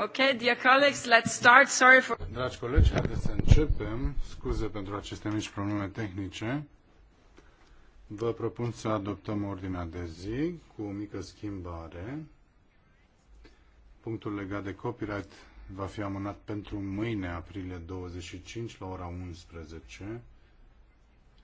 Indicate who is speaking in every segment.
Speaker 1: Okay, dear colleagues, let's start. Sorry for... Dragi colegi, haideți să începem. Scuze pentru aceste mici probleme tehnice. Vă propun să adoptăm ordinea de zi cu o mică schimbare. Punctul legat de copyright va fi amânat pentru mâine, aprilie 25, la ora 11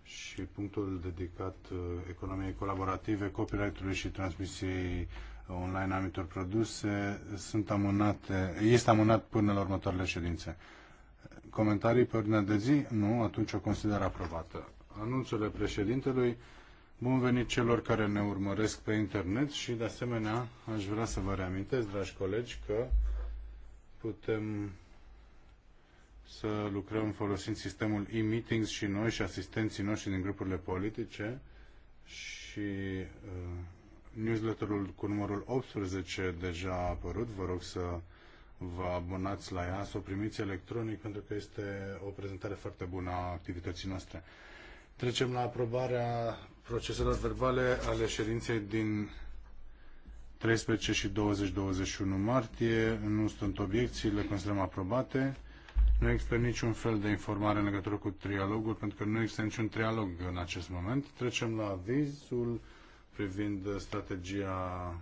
Speaker 1: și punctul dedicat uh, economiei colaborative, copyright-ului și transmisiei online anumitor produse sunt amânate, este amânat până la următoarele ședințe. Comentarii pe ordinea de zi? Nu, atunci o consider aprobată. Anunțurile președintelui, bun venit celor care ne urmăresc pe internet și de asemenea aș vrea să vă reamintesc, dragi colegi, că putem să lucrăm folosind sistemul e-meetings și noi și asistenții noștri din grupurile politice și uh, Newsletterul cu numărul 18 deja a apărut. Vă rog să vă abonați la ea, să o primiți electronic, pentru că este o prezentare foarte bună a activității noastre. Trecem la aprobarea proceselor verbale ale ședinței din 13 și 20-21 martie. Nu sunt obiecții, le considerăm aprobate. Nu există niciun fel de informare în legătură cu trialogul, pentru că nu există niciun trialog în acest moment. Trecem la avizul privind strategia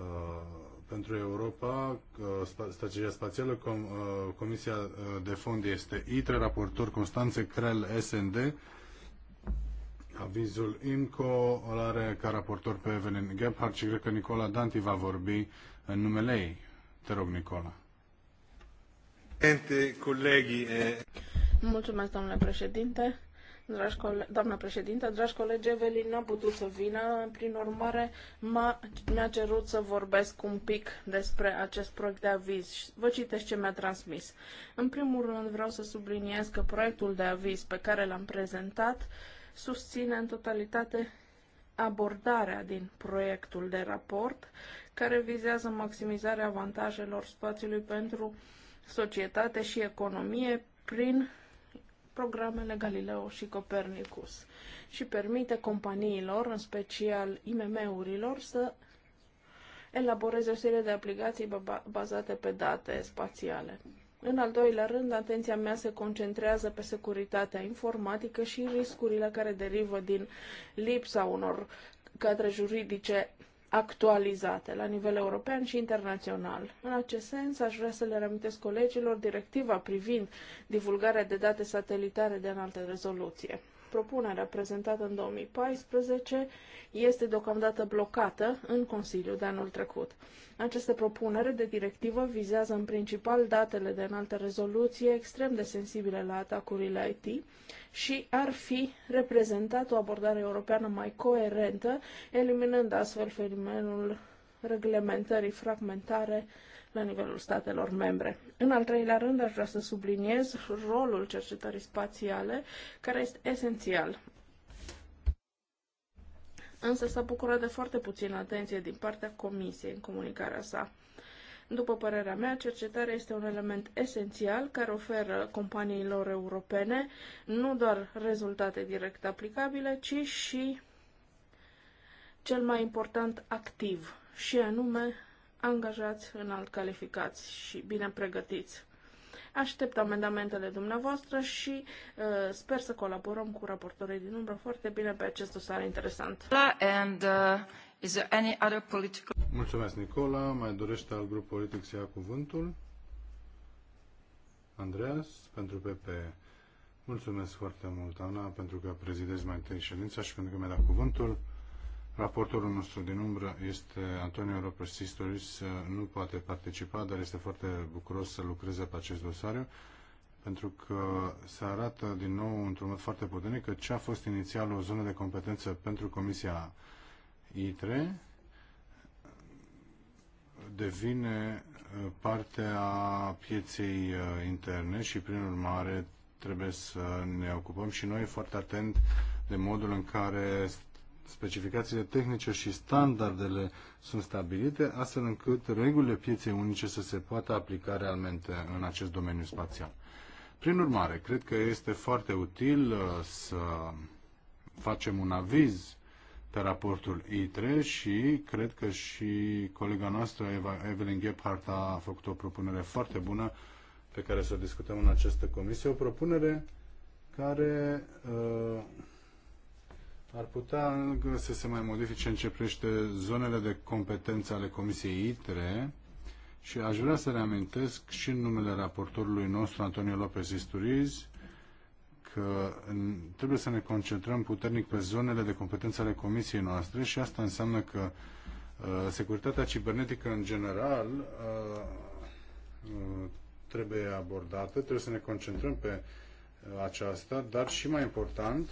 Speaker 1: uh, pentru Europa, uh, strategia spațială. Com, uh, Comisia uh, de fond este ITRE, raportor Constanțe Crel, SND. Avizul IMCO îl are ca raportor pe Evelyn Gebhardt și cred că Nicola Danti va vorbi în numele ei. Te rog, Nicola. Eh.
Speaker 2: Mulțumesc, domnule președinte. Dragi cole- doamnă președintă, dragi colegi, Evelin n-a putut să vină, prin urmare m-a, mi-a cerut să vorbesc un pic despre acest proiect de aviz. Vă citesc ce mi-a transmis. În primul rând vreau să subliniez că proiectul de aviz pe care l-am prezentat susține în totalitate abordarea din proiectul de raport care vizează maximizarea avantajelor spațiului pentru societate și economie prin programele Galileo și Copernicus și permite companiilor, în special IMM-urilor, să elaboreze o serie de aplicații bazate pe date spațiale. În al doilea rând, atenția mea se concentrează pe securitatea informatică și riscurile care derivă din lipsa unor cadre juridice actualizate la nivel european și internațional. În acest sens, aș vrea să le reamintesc colegilor directiva privind divulgarea de date satelitare de înaltă rezoluție. Propunerea prezentată în 2014 este deocamdată blocată în Consiliu de anul trecut. Această propunere de directivă vizează în principal datele de înaltă rezoluție extrem de sensibile la atacurile IT și ar fi reprezentat o abordare europeană mai coerentă, eliminând astfel fenomenul reglementării fragmentare la nivelul statelor membre. În al treilea rând, aș vrea să subliniez rolul cercetării spațiale, care este esențial. Însă s-a bucurat de foarte puțină atenție din partea Comisiei în comunicarea sa. După părerea mea, cercetarea este un element esențial care oferă companiilor europene nu doar rezultate direct aplicabile, ci și cel mai important activ, și anume angajați înalt calificați și bine pregătiți. Aștept amendamentele dumneavoastră și uh, sper să colaborăm cu raportorii din umbră foarte bine pe acest dosar interesant.
Speaker 3: And, uh, is there any other political...
Speaker 1: Mulțumesc, Nicola. Mai dorește alt grup politic să ia cuvântul? Andreas, pentru PP. Mulțumesc foarte mult, Ana, pentru că prezidezi mai întâi ședința și pentru că mi-a dat cuvântul. Raportorul nostru din umbră este Antonio Lopez Sistoris, nu poate participa, dar este foarte bucuros să lucreze pe acest dosar, pentru că se arată din nou într-un mod foarte puternic că ce a fost inițial o zonă de competență pentru Comisia ITRE devine uh, parte a pieței uh, interne și, prin urmare, trebuie să ne ocupăm și noi foarte atent de modul în care specificațiile tehnice și standardele sunt stabilite, astfel încât regulile pieței unice să se poată aplica realmente în acest domeniu spațial. Prin urmare, cred că este foarte util uh, să facem un aviz pe raportul I3 și cred că și colega noastră, Eva, Evelyn Gephardt, a făcut o propunere foarte bună pe care să o discutăm în această comisie. O propunere care uh, ar putea să se mai modifice în ce privește zonele de competență ale Comisiei ITRE și aș vrea să reamintesc și în numele raportorului nostru, Antonio Lopez Isturiz, că trebuie să ne concentrăm puternic pe zonele de competență ale Comisiei noastre și asta înseamnă că uh, securitatea cibernetică în general uh, uh, trebuie abordată, trebuie să ne concentrăm pe uh, aceasta, dar și mai important,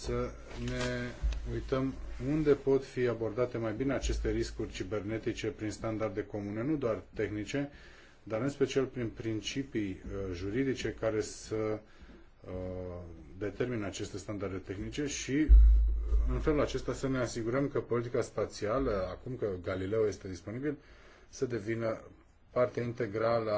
Speaker 1: să ne uităm unde pot fi abordate mai bine aceste riscuri cibernetice prin standarde comune, nu doar tehnice, dar în special prin principii uh, juridice care să uh, determină aceste standarde tehnice și uh, în felul acesta să ne asigurăm că politica spațială, acum că Galileo este disponibil, să devină parte integrală,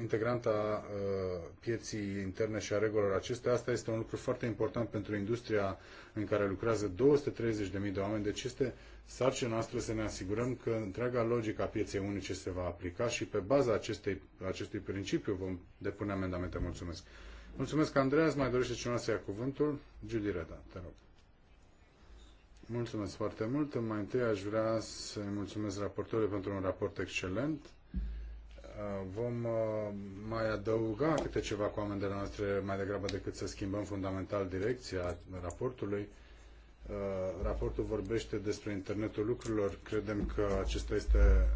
Speaker 1: integrantă a uh, pieții interne și a regulilor acestea. Asta este un lucru foarte important pentru industria în care lucrează 230.000 de oameni, deci este sarcina noastră să ne asigurăm că întreaga logică a pieței unice se va aplica și pe baza acestei, acestui principiu vom depune amendamente. Mulțumesc! Mulțumesc, Andreas. Mai dorește cineva să ia cuvântul? Judy Reda, te rog. Mulțumesc foarte mult. Mai întâi aș vrea să mulțumesc raportorului pentru un raport excelent. Uh, vom uh, mai adăuga câte ceva cu amendele noastre mai degrabă decât să schimbăm fundamental direcția raportului. Uh, raportul vorbește despre internetul lucrurilor. Credem că acesta este,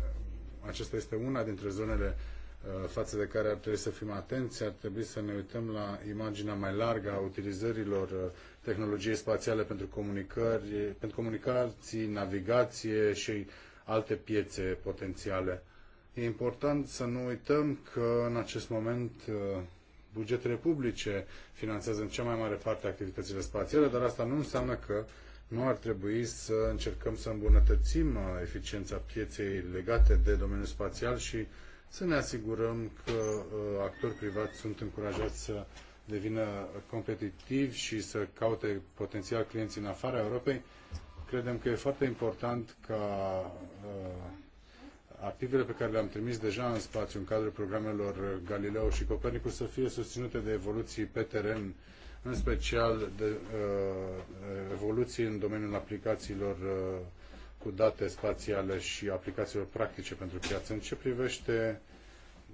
Speaker 1: acesta este una dintre zonele față de care ar trebui să fim atenți, ar trebui să ne uităm la imaginea mai largă a utilizărilor tehnologiei spațiale pentru, comunicări, pentru comunicații, navigație și alte piețe potențiale. E important să nu uităm că în acest moment uh, bugetele publice finanțează în cea mai mare parte activitățile spațiale, dar asta nu înseamnă că nu ar trebui să încercăm să îmbunătățim uh, eficiența pieței legate de domeniul spațial și să ne asigurăm că uh, actori privați sunt încurajați să devină competitivi și să caute potențial clienți în afara Europei. Credem că e foarte important ca activele pe care le-am trimis deja în spațiu în cadrul programelor Galileo și Copernicus să fie susținute de evoluții pe teren, în special de uh, evoluții în domeniul aplicațiilor uh, cu date spațiale și aplicațiilor practice pentru piață. În ce privește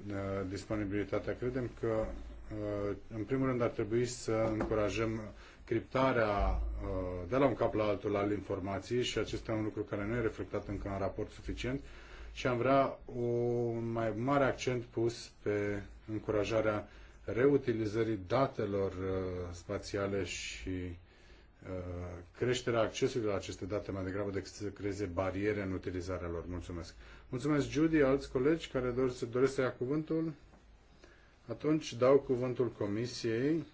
Speaker 1: uh, disponibilitatea, credem că uh, în primul rând ar trebui să încurajăm criptarea uh, de la un cap la altul al informației și acesta e un lucru care nu e reflectat încă în raport suficient și am vrea un mai mare accent pus pe încurajarea reutilizării datelor uh, spațiale și uh, creșterea accesului la aceste date mai degrabă decât să creeze bariere în utilizarea lor. Mulțumesc. Mulțumesc, Judy, alți colegi care să doresc să ia cuvântul. Atunci dau cuvântul Comisiei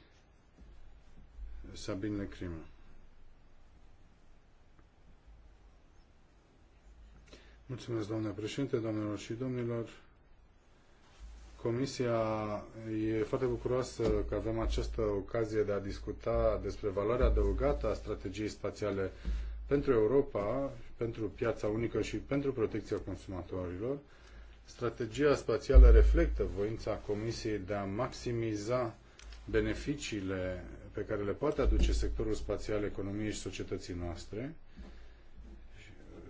Speaker 1: Sabine Crimă. Mulțumesc, doamne președinte, doamnelor și domnilor. Comisia e foarte bucuroasă că avem această ocazie de a discuta despre valoarea adăugată a strategiei spațiale pentru Europa, pentru piața unică și pentru protecția consumatorilor. Strategia spațială reflectă voința Comisiei de a maximiza beneficiile pe care le poate aduce sectorul spațial economiei și societății noastre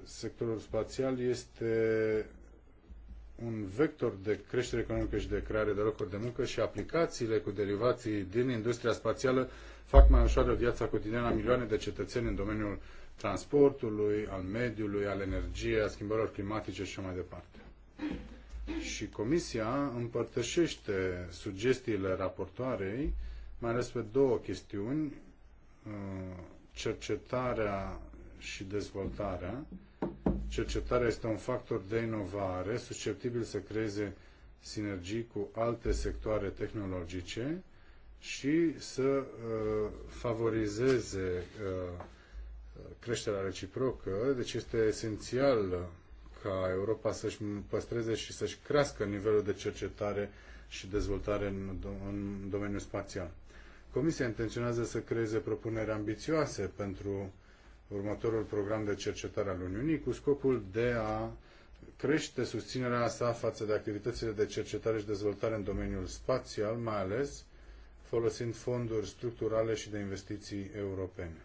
Speaker 1: sectorul spațial este un vector de creștere economică și de creare de locuri de muncă și aplicațiile cu derivații din industria spațială fac mai ușoară viața cotidiană a milioane de cetățeni în domeniul transportului, al mediului, al energiei, a schimbărilor climatice și mai departe. Și Comisia împărtășește sugestiile raportoarei, mai ales pe două chestiuni, uh, cercetarea și dezvoltarea. Cercetarea este un factor de inovare susceptibil să creeze sinergii cu alte sectoare tehnologice și să uh, favorizeze uh, creșterea reciprocă, deci este esențial ca Europa să-și păstreze și să-și crească nivelul de cercetare și dezvoltare în, în domeniul spațial. Comisia intenționează să creeze propuneri ambițioase pentru următorul program de cercetare al Uniunii cu scopul de a crește susținerea sa față de activitățile de cercetare și dezvoltare în domeniul spațial, mai ales folosind fonduri structurale și de investiții europene.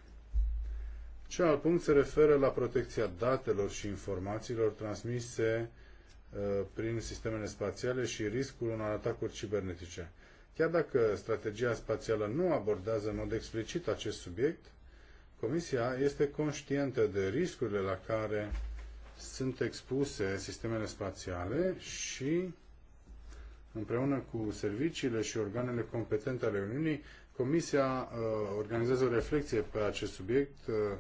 Speaker 1: Celălalt punct se referă la protecția datelor și informațiilor transmise uh, prin sistemele spațiale și riscul unor atacuri cibernetice. Chiar dacă strategia spațială nu abordează în mod explicit acest subiect, Comisia este conștientă de riscurile la care sunt expuse sistemele spațiale și, împreună cu serviciile și organele competente ale Uniunii, Comisia uh, organizează o reflexie pe acest subiect. Uh,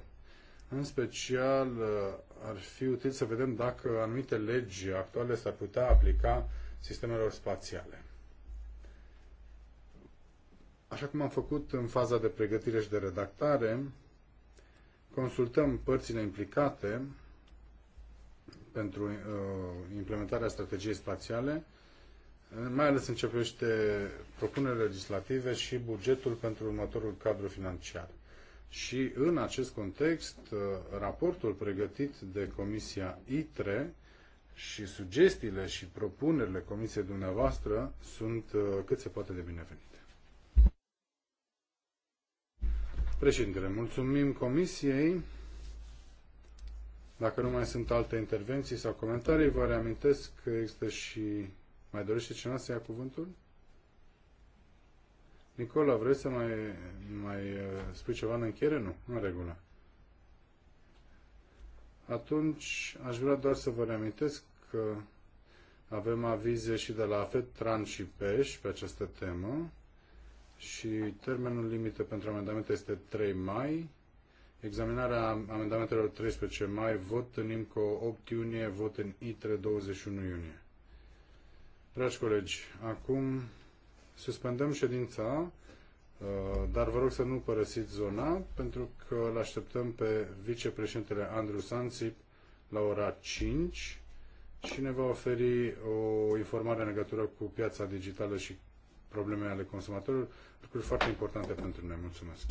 Speaker 1: în special, uh, ar fi util să vedem dacă anumite legi actuale s-ar putea aplica sistemelor spațiale. Așa cum am făcut în faza de pregătire și de redactare, Consultăm părțile implicate pentru uh, implementarea strategiei spațiale, mai ales începește propunerile legislative și bugetul pentru următorul cadru financiar. Și în acest context, uh, raportul pregătit de Comisia ITRE și sugestiile și propunerile Comisiei dumneavoastră sunt uh, cât se poate de binevenite. Președintele, mulțumim Comisiei. Dacă nu mai sunt alte intervenții sau comentarii, vă reamintesc că există și... Mai dorește cineva să ia cuvântul? Nicola, vrei să mai, mai uh, spui ceva în încheiere? Nu, în regulă. Atunci aș vrea doar să vă reamintesc că avem avize și de la AFET, TRAN și PEș pe această temă și termenul limită pentru amendamente este 3 mai. Examinarea amendamentelor 13 mai, vot în IMCO 8 iunie, vot în ITRE 21 iunie. Dragi colegi, acum suspendăm ședința, uh, dar vă rog să nu părăsiți zona, pentru că îl așteptăm pe vicepreședintele Andrew Sansip la ora 5 și ne va oferi o informare în legătură cu piața digitală și Problemele ale consumatorilor, lucruri foarte importante pentru noi. Mulțumesc!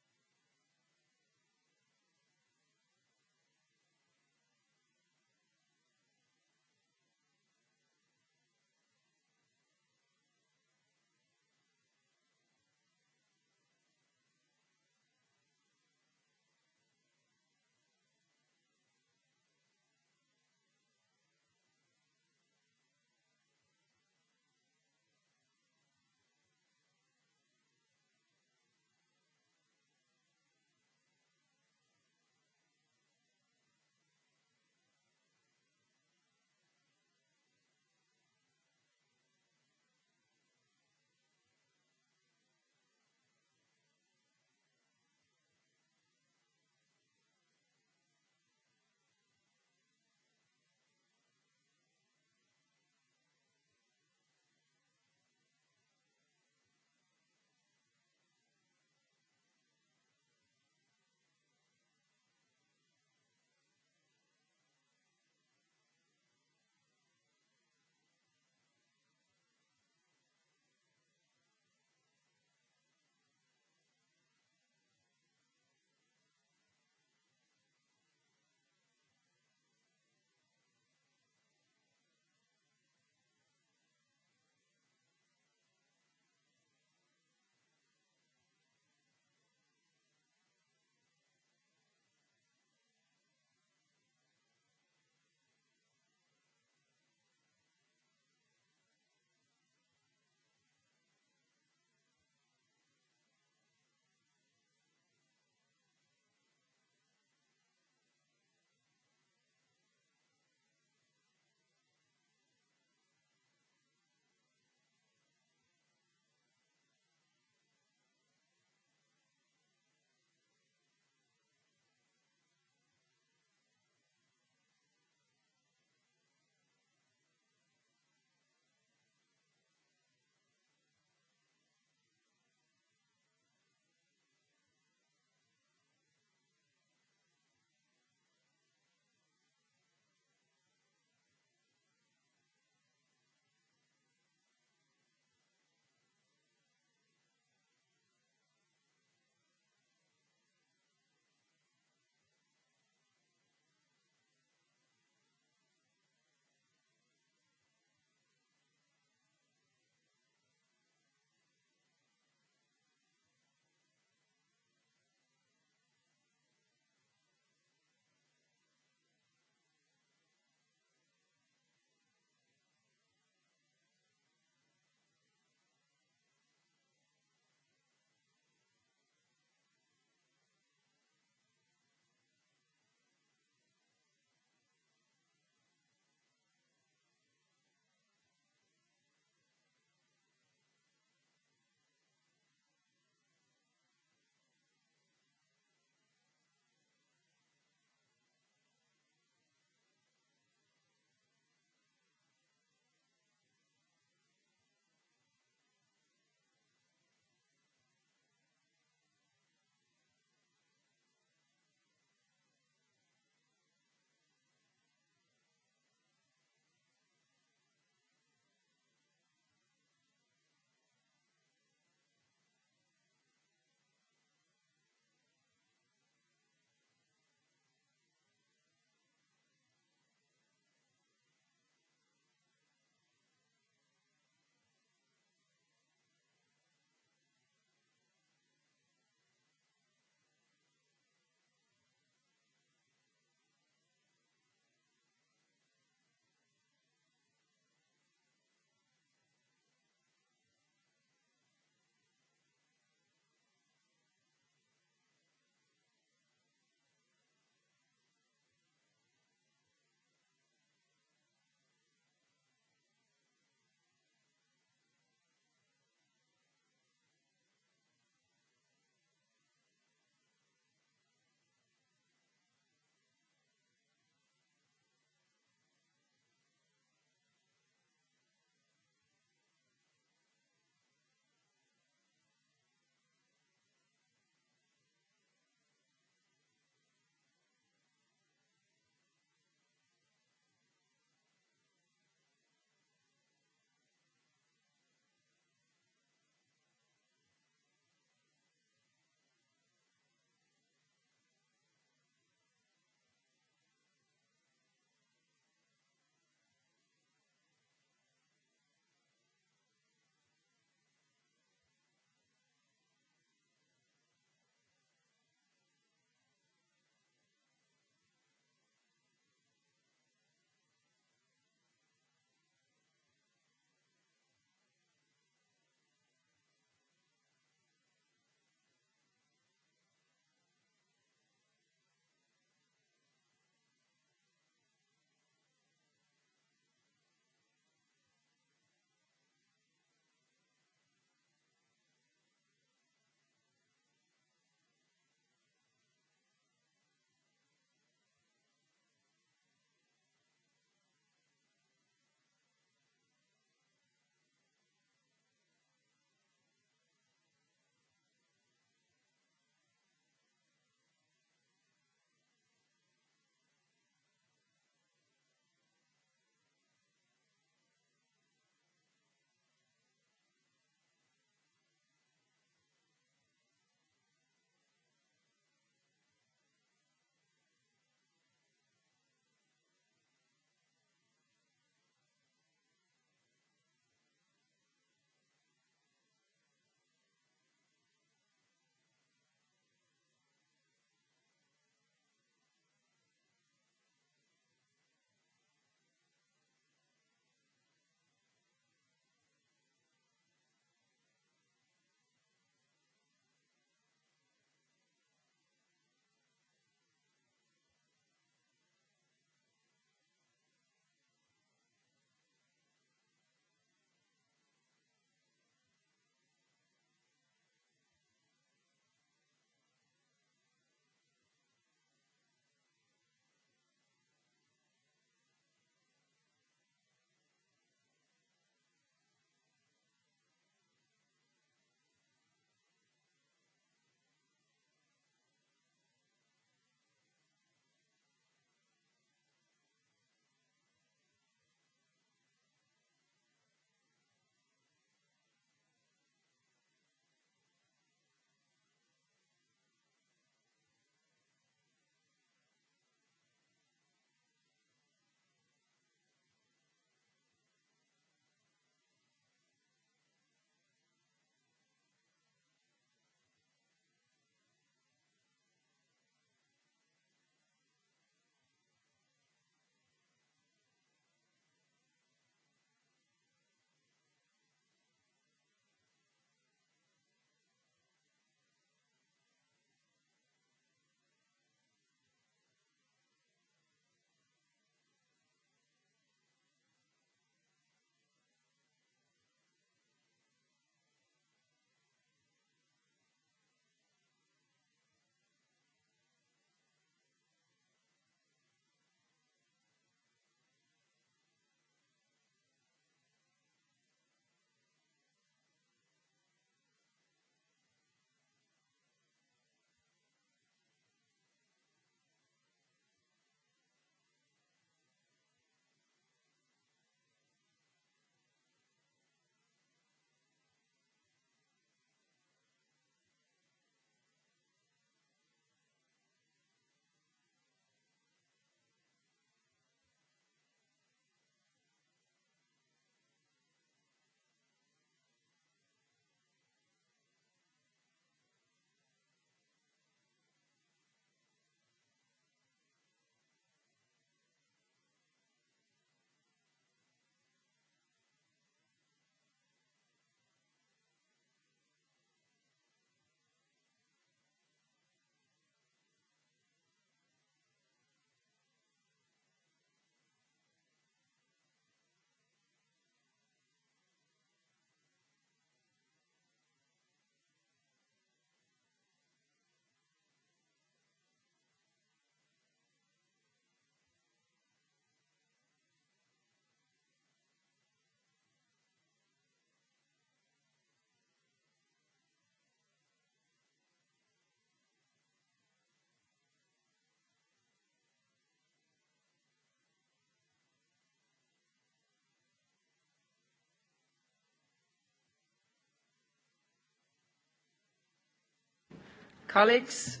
Speaker 2: colleagues.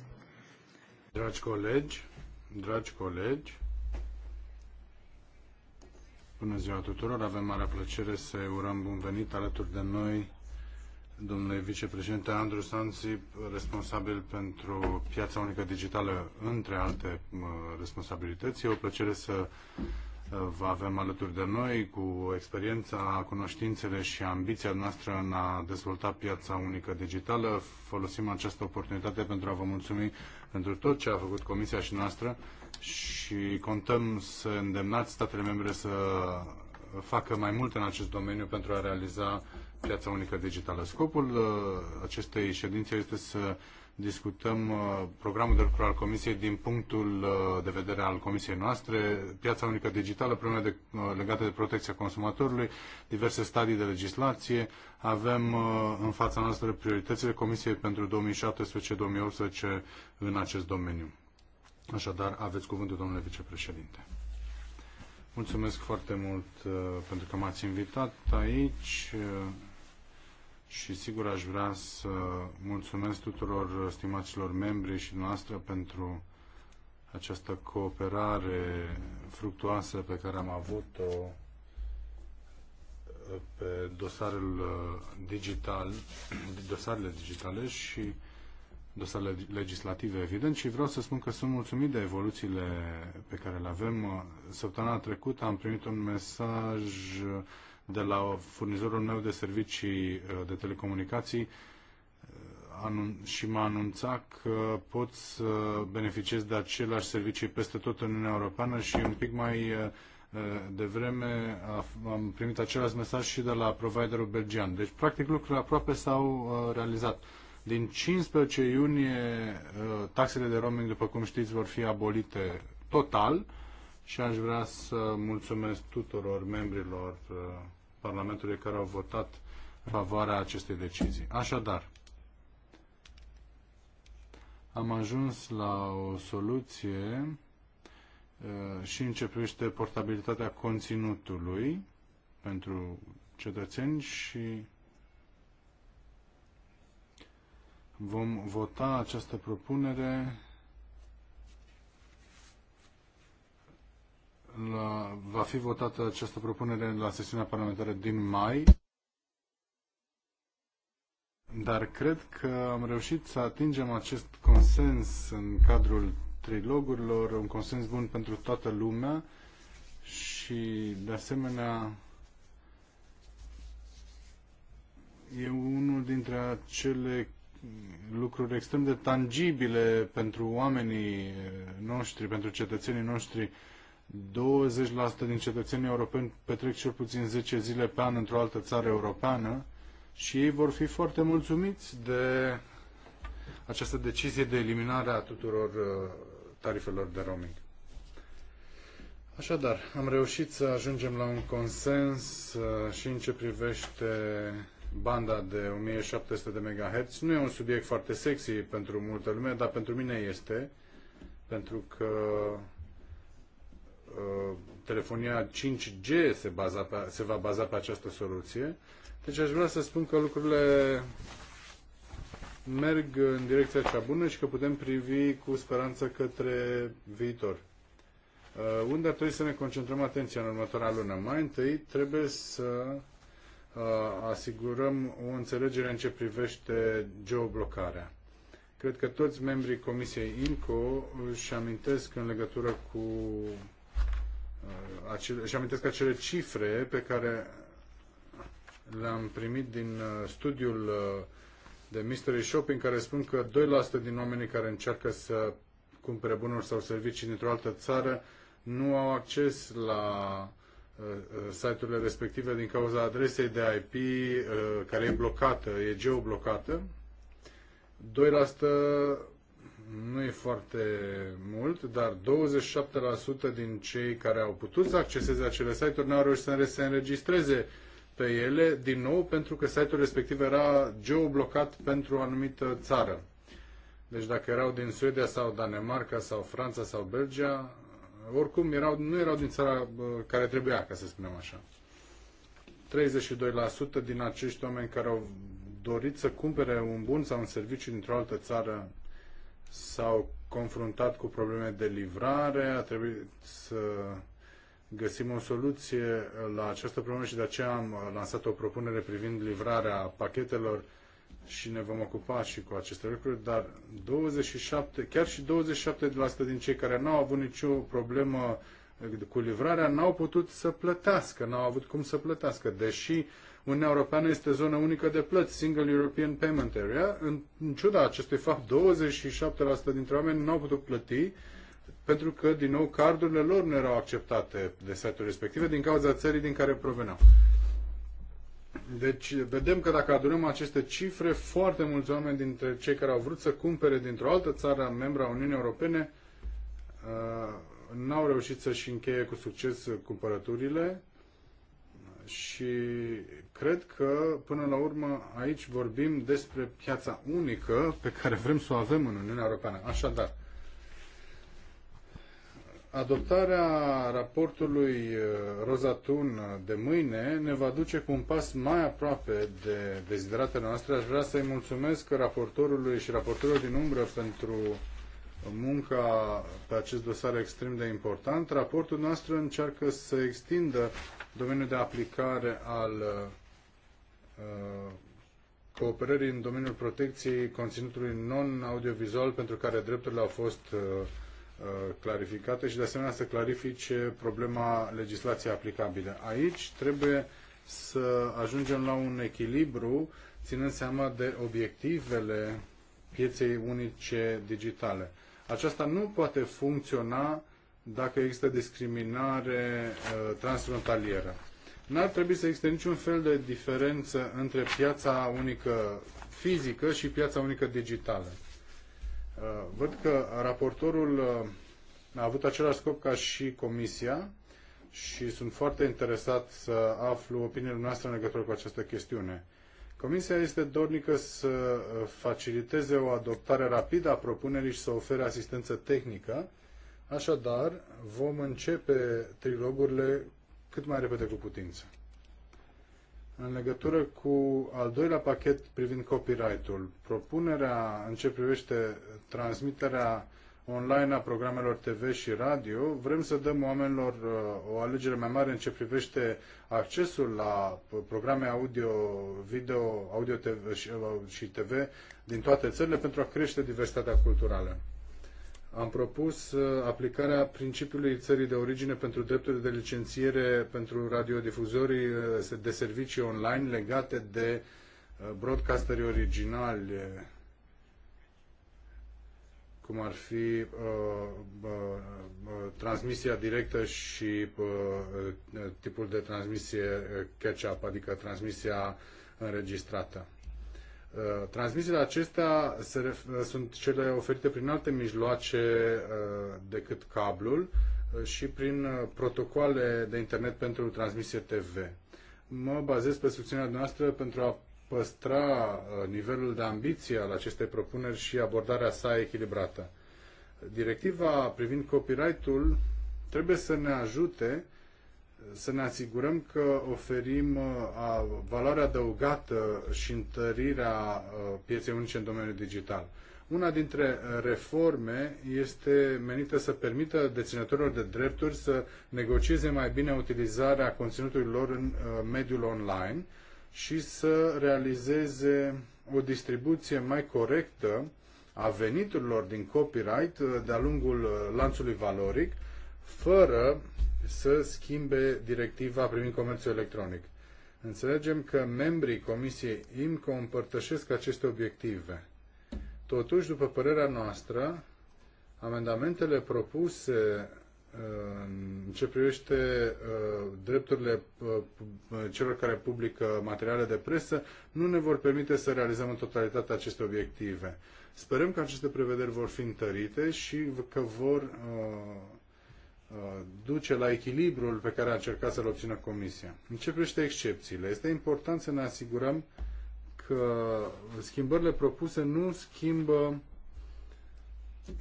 Speaker 1: Dragi colegi, dragi colegi, bună ziua tuturor, avem marea plăcere să urăm bun venit alături de noi domnule vicepreședinte Andrew Sansip, responsabil pentru piața unică digitală, între alte responsabilități. E o plăcere să avem alături de noi cu experiența, cunoștințele și ambiția noastră în a dezvolta piața unică digitală. Folosim această oportunitate pentru a vă mulțumi pentru tot ce a făcut Comisia și noastră și contăm să îndemnați statele membre să facă mai mult în acest domeniu pentru a realiza piața unică digitală. Scopul uh, acestei ședințe este să discutăm uh, programul de lucru al Comisiei din punctul uh, de vedere al Comisiei noastre, piața unică digitală, probleme de, uh, legate de protecția consumatorului, diverse stadii de legislație. Avem în fața noastră prioritățile Comisiei pentru 2017-2018 în acest domeniu. Așadar, aveți cuvântul, domnule vicepreședinte. Mulțumesc foarte mult pentru că m-ați invitat aici și sigur aș vrea să mulțumesc tuturor stimaților membri și noastră pentru această cooperare fructuoasă pe care am avut-o pe dosarul uh, digital, dosarele digitale și dosarele legislative, evident, și vreau să spun că sunt mulțumit de evoluțiile pe care le avem. Săptămâna trecută am primit un mesaj de la furnizorul meu de servicii uh, de telecomunicații uh, și m-a anunțat că pot să beneficiez de aceleași servicii peste tot în Uniunea Europeană și un pic mai uh, devreme am primit același mesaj și de la providerul belgian. Deci, practic, lucrurile aproape s-au realizat. Din 15 iunie, taxele de roaming, după cum știți, vor fi abolite total și aș vrea să mulțumesc tuturor membrilor Parlamentului care au votat în favoarea acestei decizii. Așadar, am ajuns la o soluție uh, și începește portabilitatea conținutului pentru cetățeni și vom vota această propunere la, va fi votată această propunere la sesiunea parlamentară din mai, dar cred că am reușit să atingem acest consens în cadrul trilogurilor, un consens bun pentru toată lumea și, de asemenea, e unul dintre acele lucruri extrem de tangibile pentru oamenii noștri, pentru cetățenii noștri, 20% din cetățenii europeni petrec cel puțin 10 zile pe an într-o altă țară europeană și ei vor fi foarte mulțumiți de această decizie de eliminare a tuturor uh, tarifelor de roaming. Așadar, am reușit să ajungem la un consens uh, și în ce privește banda de 1700 de MHz. Nu e un subiect foarte sexy pentru multă lume, dar pentru mine este, pentru că Uh, telefonia 5G se, baza pe, se va baza pe această soluție. Deci aș vrea să spun că lucrurile merg în direcția cea bună și că putem privi cu speranță către viitor. Uh, unde ar trebui să ne concentrăm atenția în următoarea lună? Mai întâi trebuie să uh, asigurăm o înțelegere în ce privește geoblocarea. Cred că toți membrii Comisiei INCO își amintesc în legătură cu Uh, acele, și amintesc acele cifre pe care le-am primit din uh, studiul uh, de Mystery Shopping care spun că 2% din oamenii care încearcă să cumpere bunuri sau servicii dintr-o altă țară nu au acces la site-urile respective din cauza adresei de IP care e blocată, e geoblocată. 2% nu e foarte mult, dar 27% din cei care au putut să acceseze acele site-uri n-au reușit să se înregistreze pe ele, din nou pentru că site-ul respectiv era geoblocat pentru o anumită țară. Deci dacă erau din Suedia sau Danemarca sau Franța sau Belgia, oricum erau, nu erau din țara care trebuia, ca să spunem așa. 32% din acești oameni care au dorit să cumpere un bun sau un serviciu dintr-o altă țară s-au confruntat cu probleme de livrare, a trebuit să găsim o soluție la această problemă și de aceea am lansat o propunere privind livrarea pachetelor și ne vom ocupa și cu aceste lucruri, dar 27, chiar și 27% din cei care n-au avut nicio problemă cu livrarea n-au putut să plătească, n-au avut cum să plătească, deși Uniunea Europeană este zona unică de plăți, Single European Payment Area. În ciuda acestui fapt, 27% dintre oameni nu au putut plăti pentru că, din nou, cardurile lor nu erau acceptate de site uri respective din cauza țării din care proveneau. Deci vedem că dacă adunăm aceste cifre, foarte mulți oameni dintre cei care au vrut să cumpere dintr-o altă țară membra Uniunii Europene uh, n-au reușit să-și încheie cu succes cumpărăturile și cred că, până la urmă, aici vorbim despre piața unică pe care vrem să o avem în Uniunea Europeană. Așadar, adoptarea raportului uh, Rozatun uh, de mâine ne va duce cu un pas mai aproape de dezideratele noastre. Aș vrea să-i mulțumesc raportorului și raportorilor din umbră pentru munca pe acest dosar extrem de important. Raportul nostru încearcă să extindă domeniul de aplicare al uh, cooperării în domeniul protecției conținutului non-audiovizual pentru care drepturile au fost uh, uh, clarificate și de asemenea să clarifice problema legislației aplicabile. Aici trebuie să ajungem la un echilibru ținând seama de obiectivele pieței unice digitale aceasta nu poate funcționa dacă există discriminare uh, transfrontalieră. N-ar trebui să existe niciun fel de diferență între piața unică fizică și piața unică digitală. Uh, văd că raportorul uh, a avut același scop ca și Comisia și sunt foarte interesat să aflu opiniile noastre în legătură cu această chestiune. Comisia este dornică să uh, faciliteze o adoptare rapidă a propunerii și să ofere asistență tehnică. Așadar, vom începe trilogurile cât mai repede cu putință. În legătură cu al doilea pachet privind copyright-ul, propunerea în ce privește transmiterea online a programelor TV și radio. Vrem să dăm oamenilor uh, o alegere mai mare în ce privește accesul la uh, programe audio, video, audio TV uh, și TV din toate țările pentru a crește diversitatea culturală. Am propus aplicarea principiului țării de origine pentru drepturile de licențiere pentru radiodifuzorii de servicii online legate de broadcasterii originali cum ar fi uh, uh, uh, transmisia directă și uh, uh tipul de transmisie uh, catch-up, adică transmisia înregistrată. Transmisiile acestea se, sunt cele oferite prin alte mijloace decât cablul și prin protocoale de internet pentru transmisie TV. Mă bazez pe susținerea noastră pentru a păstra uh, nivelul de ambiție al acestei propuneri și abordarea sa echilibrată. Directiva privind copyright-ul trebuie să ne ajute să ne asigurăm că oferim uh, valoarea adăugată și întărirea uh, pieței unice în domeniul digital. Una dintre reforme este menită să permită deținătorilor de drepturi să negocieze mai bine utilizarea conținutului lor în mediul online, și să realizeze o distribuție mai corectă a veniturilor din copyright uh, de-a lungul uh, lanțului valoric, fără să schimbe directiva privind comerțul electronic. Înțelegem că membrii Comisiei IMCO împărtășesc aceste obiective. Totuși, după părerea noastră, amendamentele propuse în ce privește uh, drepturile uh, celor care publică materiale de presă, nu ne vor permite să realizăm în totalitate aceste obiective. Sperăm că aceste prevederi vor fi întărite și că vor uh, duce la echilibrul pe care a încercat să-l obțină Comisia. În ce privește excepțiile, este important să ne asigurăm că schimbările propuse nu schimbă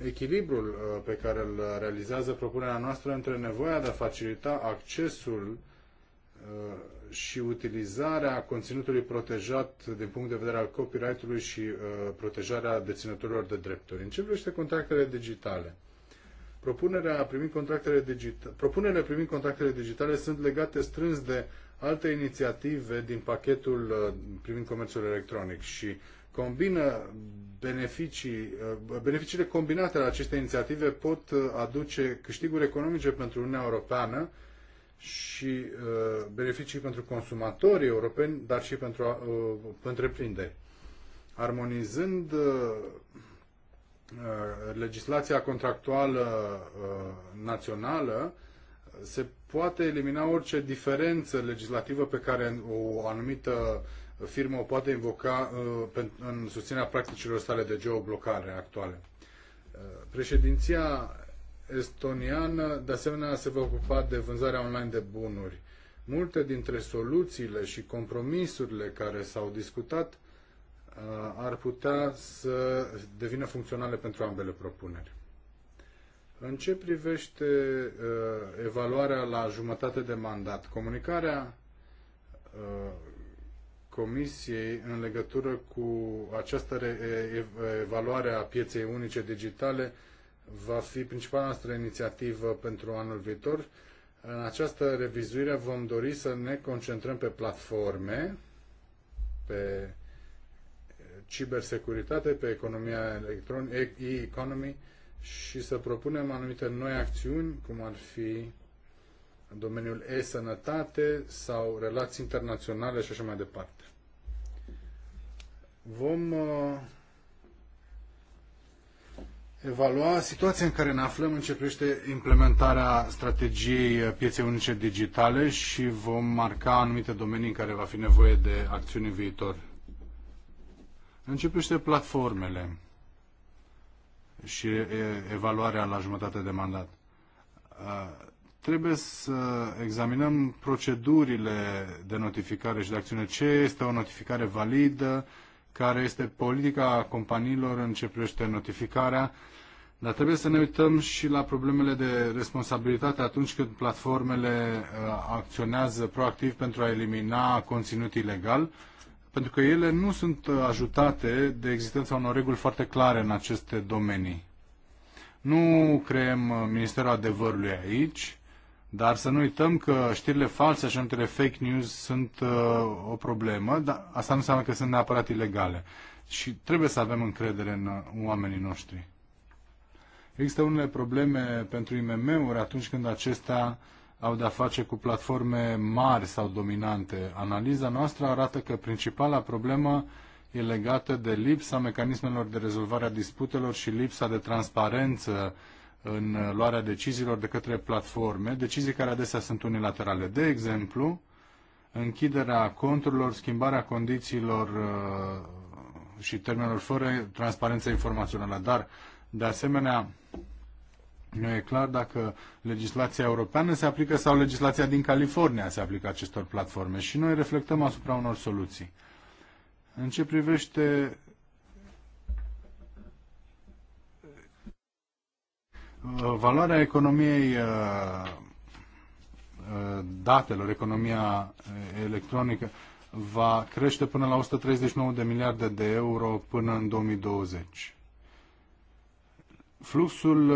Speaker 1: echilibrul uh, pe care îl realizează propunerea noastră între nevoia de a facilita accesul uh, și utilizarea conținutului protejat din punct de vedere al copyright-ului și uh, protejarea deținătorilor de drepturi. În ce privește contractele digitale? Propunerea privind contractele digitale, propunerea privind contractele digitale sunt legate strâns de alte inițiative din pachetul privind comerțul electronic și combină beneficii, uh, beneficiile combinate ale aceste inițiative pot uh, aduce câștiguri economice pentru Uniunea Europeană și uh, beneficii pentru consumatorii europeni, dar și pentru întreprinderi. Armonizând legislația contractuală națională, se poate elimina orice diferență legislativă pe care o anumită firmă o poate invoca uh, în susținerea practicilor sale de geoblocare actuale. Uh, președinția estoniană, de asemenea, se va ocupa de vânzarea online de bunuri. Multe dintre soluțiile și compromisurile care s-au discutat uh, ar putea să devină funcționale pentru ambele propuneri. În ce privește evaluarea la jumătate de mandat, comunicarea Comisiei în legătură cu această evaluare a pieței unice digitale va fi principala noastră inițiativă pentru anul viitor. În această revizuire vom dori să ne concentrăm pe platforme, pe eh, cibersecuritate, pe economia electronică, e-economy și să propunem anumite noi acțiuni, cum ar fi în domeniul e-sănătate sau relații internaționale și așa mai departe. Vom uh, evalua situația în care ne aflăm în ce privește implementarea strategiei pieței unice digitale și vom marca anumite domenii în care va fi nevoie de acțiuni în viitor. În ce privește platformele și evaluarea la jumătate de mandat. Uh, trebuie să examinăm procedurile de notificare și de acțiune. Ce este o notificare validă? Care este politica companiilor în ce privește notificarea? Dar trebuie să ne uităm și la problemele de responsabilitate atunci când platformele uh, acționează proactiv pentru a elimina conținut ilegal, pentru că ele nu sunt uh, ajutate de existența unor reguli foarte clare în aceste domenii. Nu creăm uh, Ministerul Adevărului aici, dar să nu uităm că știrile false, și numitele fake news, sunt uh, o problemă, dar asta nu înseamnă că sunt neapărat ilegale. Și trebuie să avem încredere în oamenii noștri. Există unele probleme pentru IMM-uri atunci când acestea au de-a face cu platforme mari sau dominante. Analiza noastră arată că principala problemă e legată de lipsa mecanismelor de rezolvare a disputelor și lipsa de transparență în luarea deciziilor de către platforme, decizii care adesea sunt unilaterale. De exemplu, închiderea conturilor, schimbarea condițiilor uh, și termenilor fără transparență informațională. Dar, de asemenea, nu e clar dacă legislația europeană se aplică sau legislația din California se aplică acestor platforme și noi reflectăm asupra unor soluții. În ce privește Valoarea economiei uh, uh, datelor, economia uh, electronică, va crește până la 139 de miliarde de euro până în 2020. Fluxul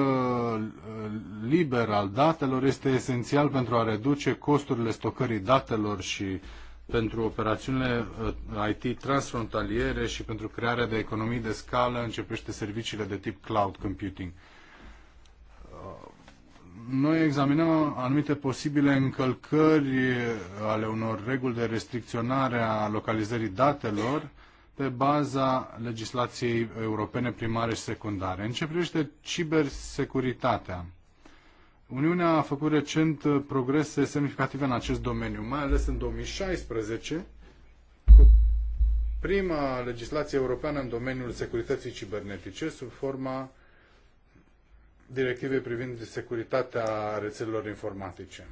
Speaker 1: liber al datelor este esențial pentru a reduce costurile stocării datelor și pentru operațiunile IT transfrontaliere și pentru crearea de economii de scală începește serviciile de tip cloud computing noi examinăm anumite posibile încălcări ale unor reguli de restricționare a localizării datelor pe baza legislației europene primare și secundare. În ce privește cibersecuritatea, Uniunea a făcut recent progrese semnificative în acest domeniu, mai ales în 2016, cu prima legislație europeană în domeniul securității cibernetice, sub forma directivei privind securitatea rețelelor informatice.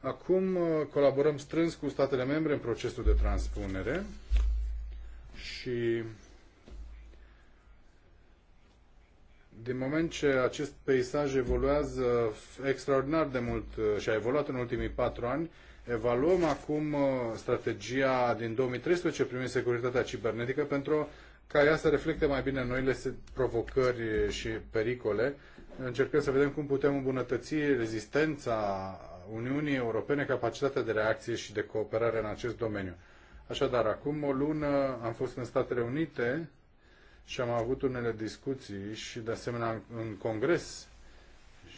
Speaker 1: Acum uh, colaborăm strâns cu statele membre în procesul de transpunere și din moment ce acest peisaj evoluează extraordinar de mult uh, și a evoluat în ultimii patru ani, evaluăm acum uh, strategia din 2013 privind securitatea cibernetică pentru ca ea să reflecte mai bine noile provocări și pericole. Încercăm să vedem cum putem îmbunătăți rezistența Uniunii Europene, capacitatea de reacție și de cooperare în acest domeniu. Așadar, acum o lună am fost în Statele Unite și am avut unele discuții și, de asemenea, în Congres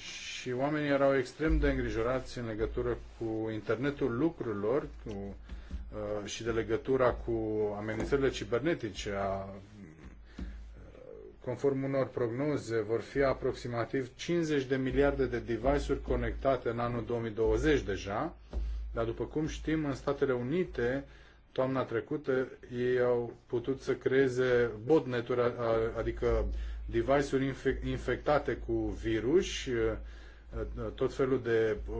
Speaker 1: și oamenii erau extrem de îngrijorați în legătură cu internetul lucrurilor, cu Uh, și de legătura cu amenințările cibernetice a uh, conform unor prognoze, vor fi aproximativ 50 de miliarde de device-uri conectate în anul 2020 deja, dar după cum știm, în Statele Unite, toamna trecută, ei au putut să creeze botnet-uri, adică device-uri infectate cu virus, uh, tot felul de uh,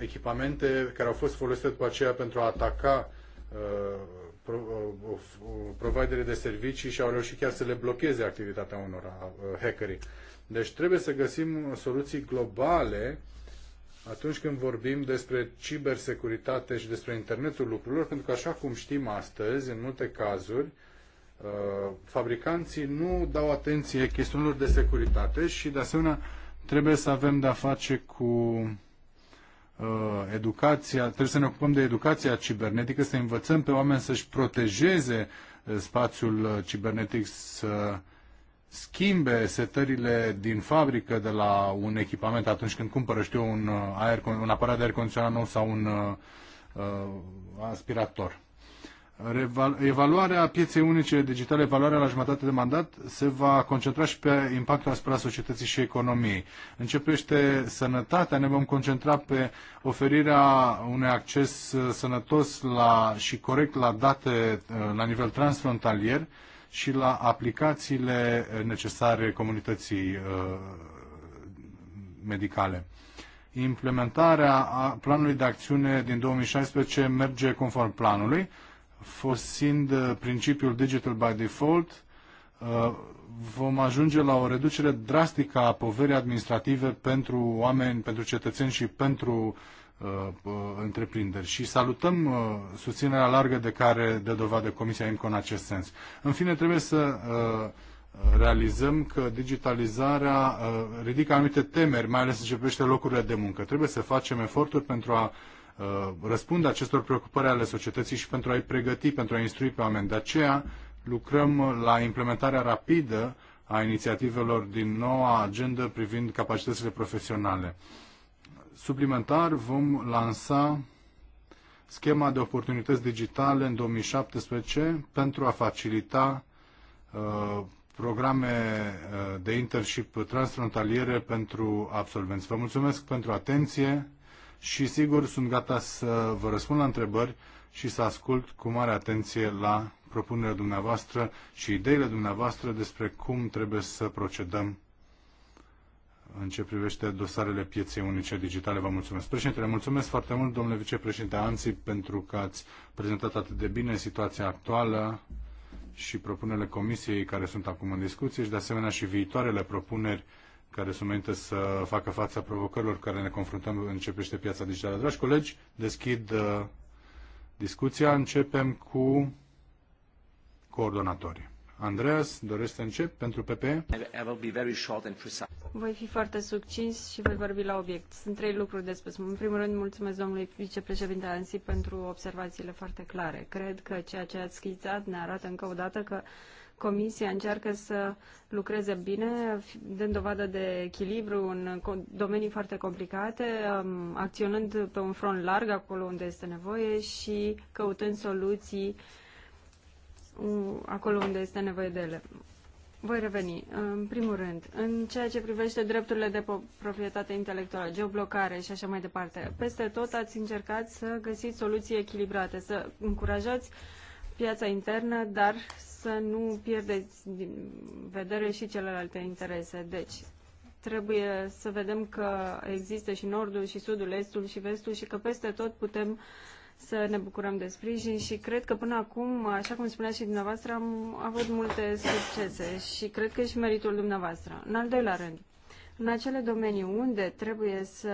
Speaker 1: echipamente care au fost folosite după aceea pentru a ataca uh, pro, uh, uh, providerii de servicii și au reușit chiar să le blocheze activitatea unor uh, hackerii. Deci trebuie să găsim soluții globale atunci când vorbim despre cibersecuritate și despre internetul lucrurilor, pentru că așa cum știm astăzi, în multe cazuri, uh, fabricanții nu dau atenție chestiunilor de securitate și, de asemenea, Trebuie să avem de-a face cu uh, educația, trebuie să ne ocupăm de educația cibernetică, să învățăm pe oameni să-și protejeze uh, spațiul uh, cibernetic, să schimbe setările din fabrică de la un echipament atunci când cumpără, știu, un, uh, aer, un aparat de aer condiționat nou sau un uh, aspirator. Evaluarea pieței unice digitale, evaluarea la jumătate de mandat, se va concentra și pe impactul asupra societății și economiei. Începește sănătatea, ne vom concentra pe oferirea unui acces uh, sănătos la, și corect la date uh, la nivel transfrontalier și la aplicațiile necesare comunității uh, medicale implementarea planului de acțiune din 2016 merge conform planului folosind uh, principiul Digital by Default, uh, vom ajunge la o reducere drastică a poverii administrative pentru oameni, pentru cetățeni și pentru uh, întreprinderi și salutăm susținerea largă de care dă dovadă Comisia IMCO în acest sens. În fine, trebuie să realizăm că digitalizarea ridică anumite temeri, mai ales în ce privește locurile de muncă. Trebuie să facem eforturi pentru a Uh, răspundă acestor preocupări ale societății și pentru a-i pregăti, pentru a instrui pe oameni. De aceea lucrăm la implementarea rapidă a inițiativelor din noua agendă privind capacitățile profesionale. Suplimentar vom lansa schema de oportunități digitale în 2017 pentru a facilita uh, programe uh, de internship transfrontaliere pentru absolvenți. Vă mulțumesc pentru atenție și sigur sunt gata să vă răspund la întrebări și să ascult cu mare atenție la propunerea dumneavoastră și ideile dumneavoastră despre cum trebuie să procedăm în ce privește dosarele pieței unice digitale. Vă mulțumesc. Președintele, mulțumesc foarte mult, domnule vicepreședinte Anzi, pentru că ați prezentat atât de bine situația actuală și propunerile comisiei care sunt acum în discuție și de asemenea și viitoarele propuneri care sunt menite să facă fața provocărilor care ne confruntăm în ce privește piața digitală. Dragi colegi, deschid uh, discuția. Începem cu coordonatorii. Andreas, doresc să încep pentru PP?
Speaker 3: Voi fi foarte succins și voi vorbi la obiect. Sunt trei lucruri de spus. În primul rând, mulțumesc domnului vicepreședinte Ansi pentru observațiile foarte clare. Cred că ceea ce ați schițat ne arată încă o dată că Comisia încearcă să lucreze bine, dând dovadă de echilibru în domenii foarte complicate, um, acționând pe un front larg acolo unde este nevoie și căutând soluții acolo unde este nevoie de ele. Voi reveni. În primul rând, în ceea ce privește drepturile de proprietate intelectuală, geoblocare și așa mai departe, peste tot ați încercat să găsiți soluții echilibrate, să încurajați piața internă, dar să nu pierdeți din vedere și celelalte interese. Deci, trebuie să vedem că există și nordul și sudul, estul și vestul și că peste tot putem să ne bucurăm de sprijin și cred că până acum, așa cum spuneați și dumneavoastră, am avut multe succese și cred că e și meritul dumneavoastră. În al doilea rând, în acele domenii unde trebuie să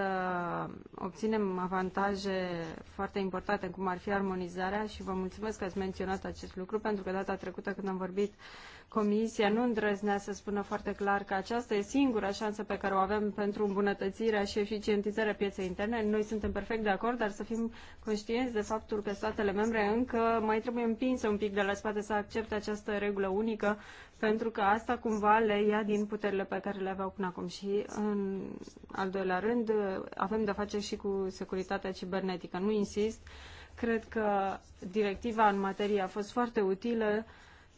Speaker 3: obținem avantaje foarte importante, cum ar fi armonizarea, și vă mulțumesc că ați menționat acest lucru, pentru că data trecută când am vorbit uh, Comisia nu îndrăznea să spună foarte clar că aceasta e singura șansă pe care o avem pentru îmbunătățirea și eficientizarea pieței interne. Noi suntem perfect de acord, dar să fim conștienți de faptul că statele membre încă mai trebuie împinse un pic de la spate să accepte această regulă unică, pentru că asta cumva le ia din puterile pe care le aveau până acum. Și în al doilea rând, avem de face și cu securitatea cibernetică. Nu insist, cred că directiva în materie a fost foarte utilă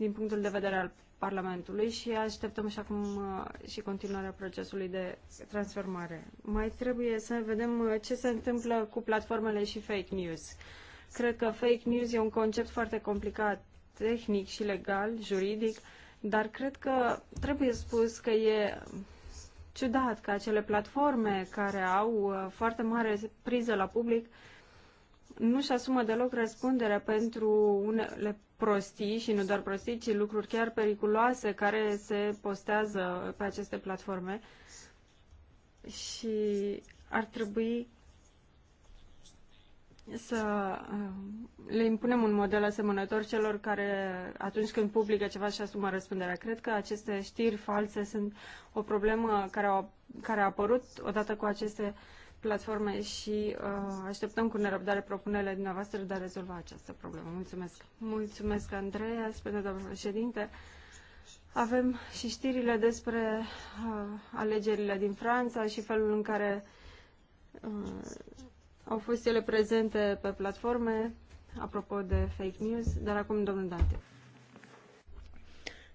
Speaker 3: din punctul de vedere al Parlamentului și așteptăm și acum uh, și continuarea procesului de transformare. Mai trebuie să vedem uh, ce se întâmplă cu platformele și fake news. Cred că fake news e un concept foarte complicat tehnic și legal, juridic, dar cred că trebuie spus că e ciudat că acele platforme care au uh, foarte mare priză la public nu-și asumă deloc răspunderea pentru unele prostii și nu doar prostii, ci lucruri chiar periculoase care se postează pe aceste platforme și ar trebui să uh, le impunem un model asemănător celor care atunci când publică ceva și asumă răspunderea. Cred că aceste știri false sunt o problemă care, au, care a apărut odată cu aceste uh, platforme și uh, așteptăm cu nerăbdare propunerile dumneavoastră de a rezolva această problemă. Mulțumesc. Mulțumesc, Andreea, spune doamnă președinte. Avem și știrile despre uh, alegerile din Franța și felul în care uh, au fost ele prezente pe platforme, apropo de fake news, dar acum domnul Dante.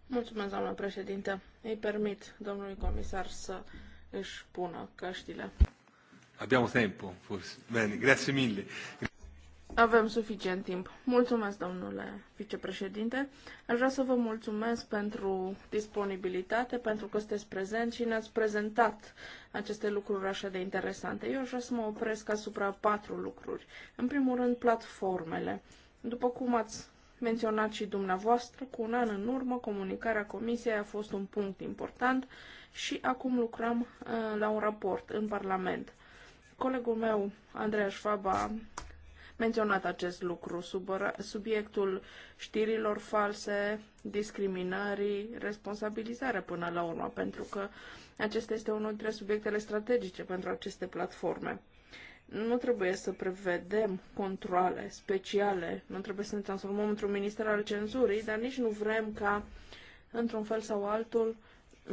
Speaker 2: Mulțumesc, doamnă președinte. Îi permit domnului comisar să își pună căștile.
Speaker 1: Abbiamo tempo, forse. grazie mille.
Speaker 2: Avem suficient timp. Mulțumesc, domnule vicepreședinte. Aș vrea să vă mulțumesc pentru disponibilitate, pentru că sunteți prezent și ne-ați prezentat aceste lucruri așa de interesante. Eu aș vrea să mă opresc asupra patru lucruri. În primul rând, platformele. După cum ați menționat și dumneavoastră, cu un an în urmă, comunicarea Comisiei a fost un punct important și acum lucrăm uh, la un raport în Parlament. Colegul meu, Andreea Șfaba, a menționat acest lucru, sub, subiectul știrilor false, discriminării, responsabilizare până la urmă, pentru că acesta este unul dintre subiectele strategice pentru aceste platforme. Nu trebuie să prevedem controle speciale, nu trebuie să ne transformăm într-un minister al cenzurii, dar nici nu vrem ca, într-un fel sau altul,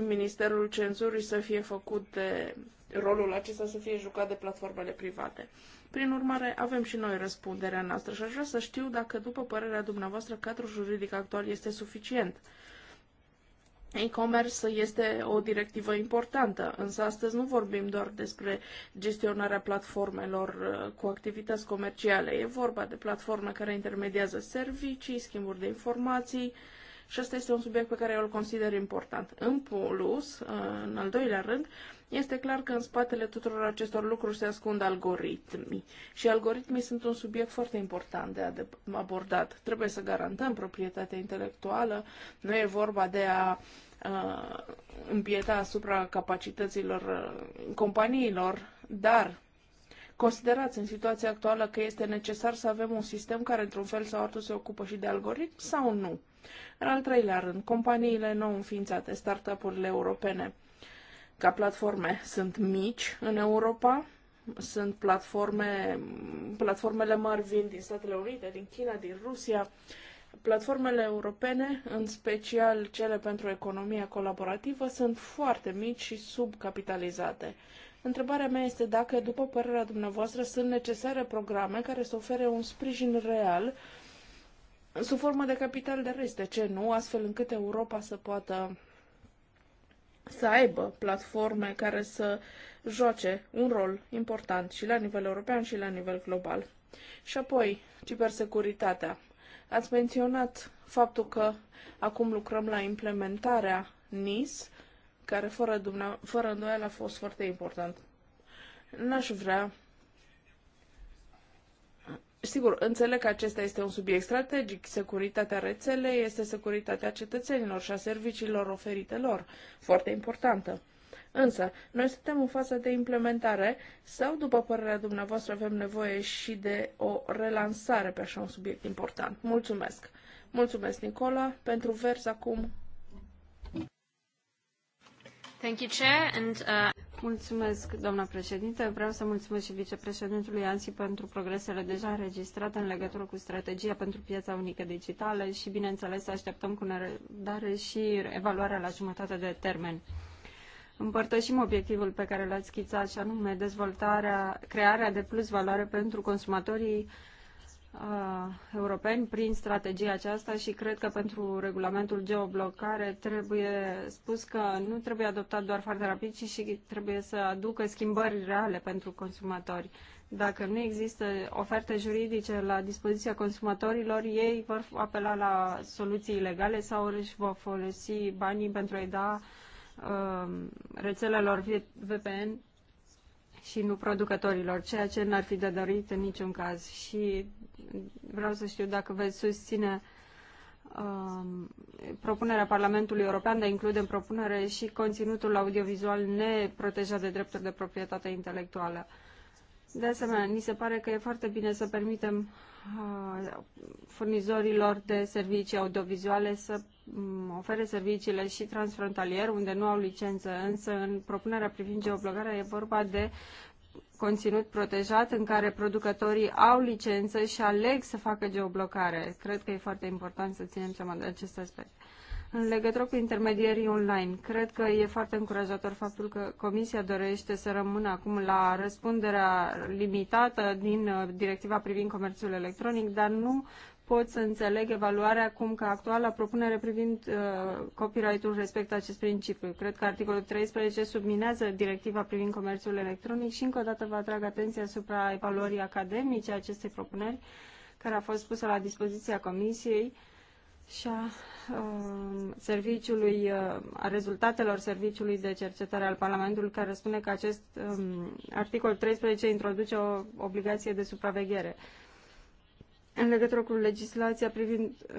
Speaker 2: Ministerul Cenzurii să fie făcut de rolul acesta să fie jucat de platformele private. Prin urmare, avem și noi răspunderea noastră și aș vrea să știu dacă, după părerea dumneavoastră, cadrul juridic actual este suficient. E-commerce este o directivă importantă, însă astăzi nu vorbim doar despre gestionarea platformelor uh, cu activități comerciale. E vorba de platforme care intermediază servicii, schimburi de informații și asta este un subiect pe care eu îl consider important. În plus, uh, în al doilea rând, este clar că în spatele tuturor acestor lucruri se ascund algoritmii și algoritmii sunt un subiect foarte important de abordat. Trebuie să garantăm proprietatea intelectuală, nu e vorba de a uh, împieta asupra capacităților companiilor, dar Considerați în situația actuală că este necesar să avem un sistem care într-un fel sau altul se ocupă și de algoritm sau nu? În al treilea rând, companiile nou înființate, startup-urile europene ca platforme sunt mici în Europa, sunt platforme, platformele mari vin din Statele Unite, din China, din Rusia. Platformele europene, în special cele pentru economia colaborativă, sunt foarte mici și subcapitalizate. Întrebarea mea este dacă, după părerea dumneavoastră, sunt necesare programe care să ofere un sprijin real sub formă de capital de risc, de ce nu, astfel încât Europa să poată să aibă platforme care să joace un rol important și la nivel european și la nivel global. Și apoi, cibersecuritatea. Ați menționat faptul că acum lucrăm la implementarea NIS, care fără, dumne- fără îndoială a fost foarte important. N-aș vrea Sigur, înțeleg că acesta este un subiect strategic. Securitatea rețelei este securitatea cetățenilor și a serviciilor oferite lor, foarte importantă. Însă, noi suntem în fază de implementare sau, după părerea dumneavoastră, avem nevoie și de o relansare pe așa un subiect important? Mulțumesc! Mulțumesc, Nicola, pentru vers acum.
Speaker 3: Thank you, Chair, and, uh... Mulțumesc, doamna președinte. Vreau să mulțumesc și vicepreședintelui Ansi pentru progresele deja înregistrate în legătură cu strategia pentru piața unică digitală și, bineînțeles, așteptăm cu nerăbdare și evaluarea la jumătate de termen. Împărtășim obiectivul pe care l-ați schițat și anume dezvoltarea, crearea de plus valoare pentru consumatorii europeni prin strategia aceasta și cred că pentru regulamentul geoblocare trebuie spus că nu trebuie adoptat doar foarte rapid, ci și trebuie să aducă schimbări reale pentru consumatori. Dacă nu există oferte juridice la dispoziția consumatorilor, ei vor apela la soluții legale sau își vor folosi banii pentru a-i da uh, rețelelor VPN și nu producătorilor, ceea ce n-ar fi de dorit în niciun caz. Și vreau să știu dacă veți susține um, propunerea Parlamentului European de a include în propunere și conținutul audiovizual neprotejat de drepturi de proprietate intelectuală. De asemenea, ni se pare că e foarte bine să permitem Uh, furnizorilor de servicii audiovizuale să mm, ofere serviciile și transfrontalier, unde nu au licență, însă în propunerea privind geoblogarea e vorba de conținut protejat în care producătorii au licență și aleg să facă geoblocare. Cred că e foarte important să ținem seama de acest aspect. În legătură cu intermedierii online, cred că e foarte încurajator faptul că Comisia dorește să rămână acum la răspunderea limitată din uh, directiva privind comerțul electronic, dar nu pot să înțeleg evaluarea cum că actuala propunere privind uh, copyright-ul respectă acest principiu. Cred că articolul 13 subminează directiva privind comerțul electronic și încă o dată vă atrag atenția asupra evaluării academice a acestei propuneri care a fost pusă la dispoziția Comisiei uh, și a um, serviciului, uh, a rezultatelor serviciului de cercetare al Parlamentului, care spune că acest um, articol 13 introduce o obligație de supraveghere în legătură cu legislația privind uh,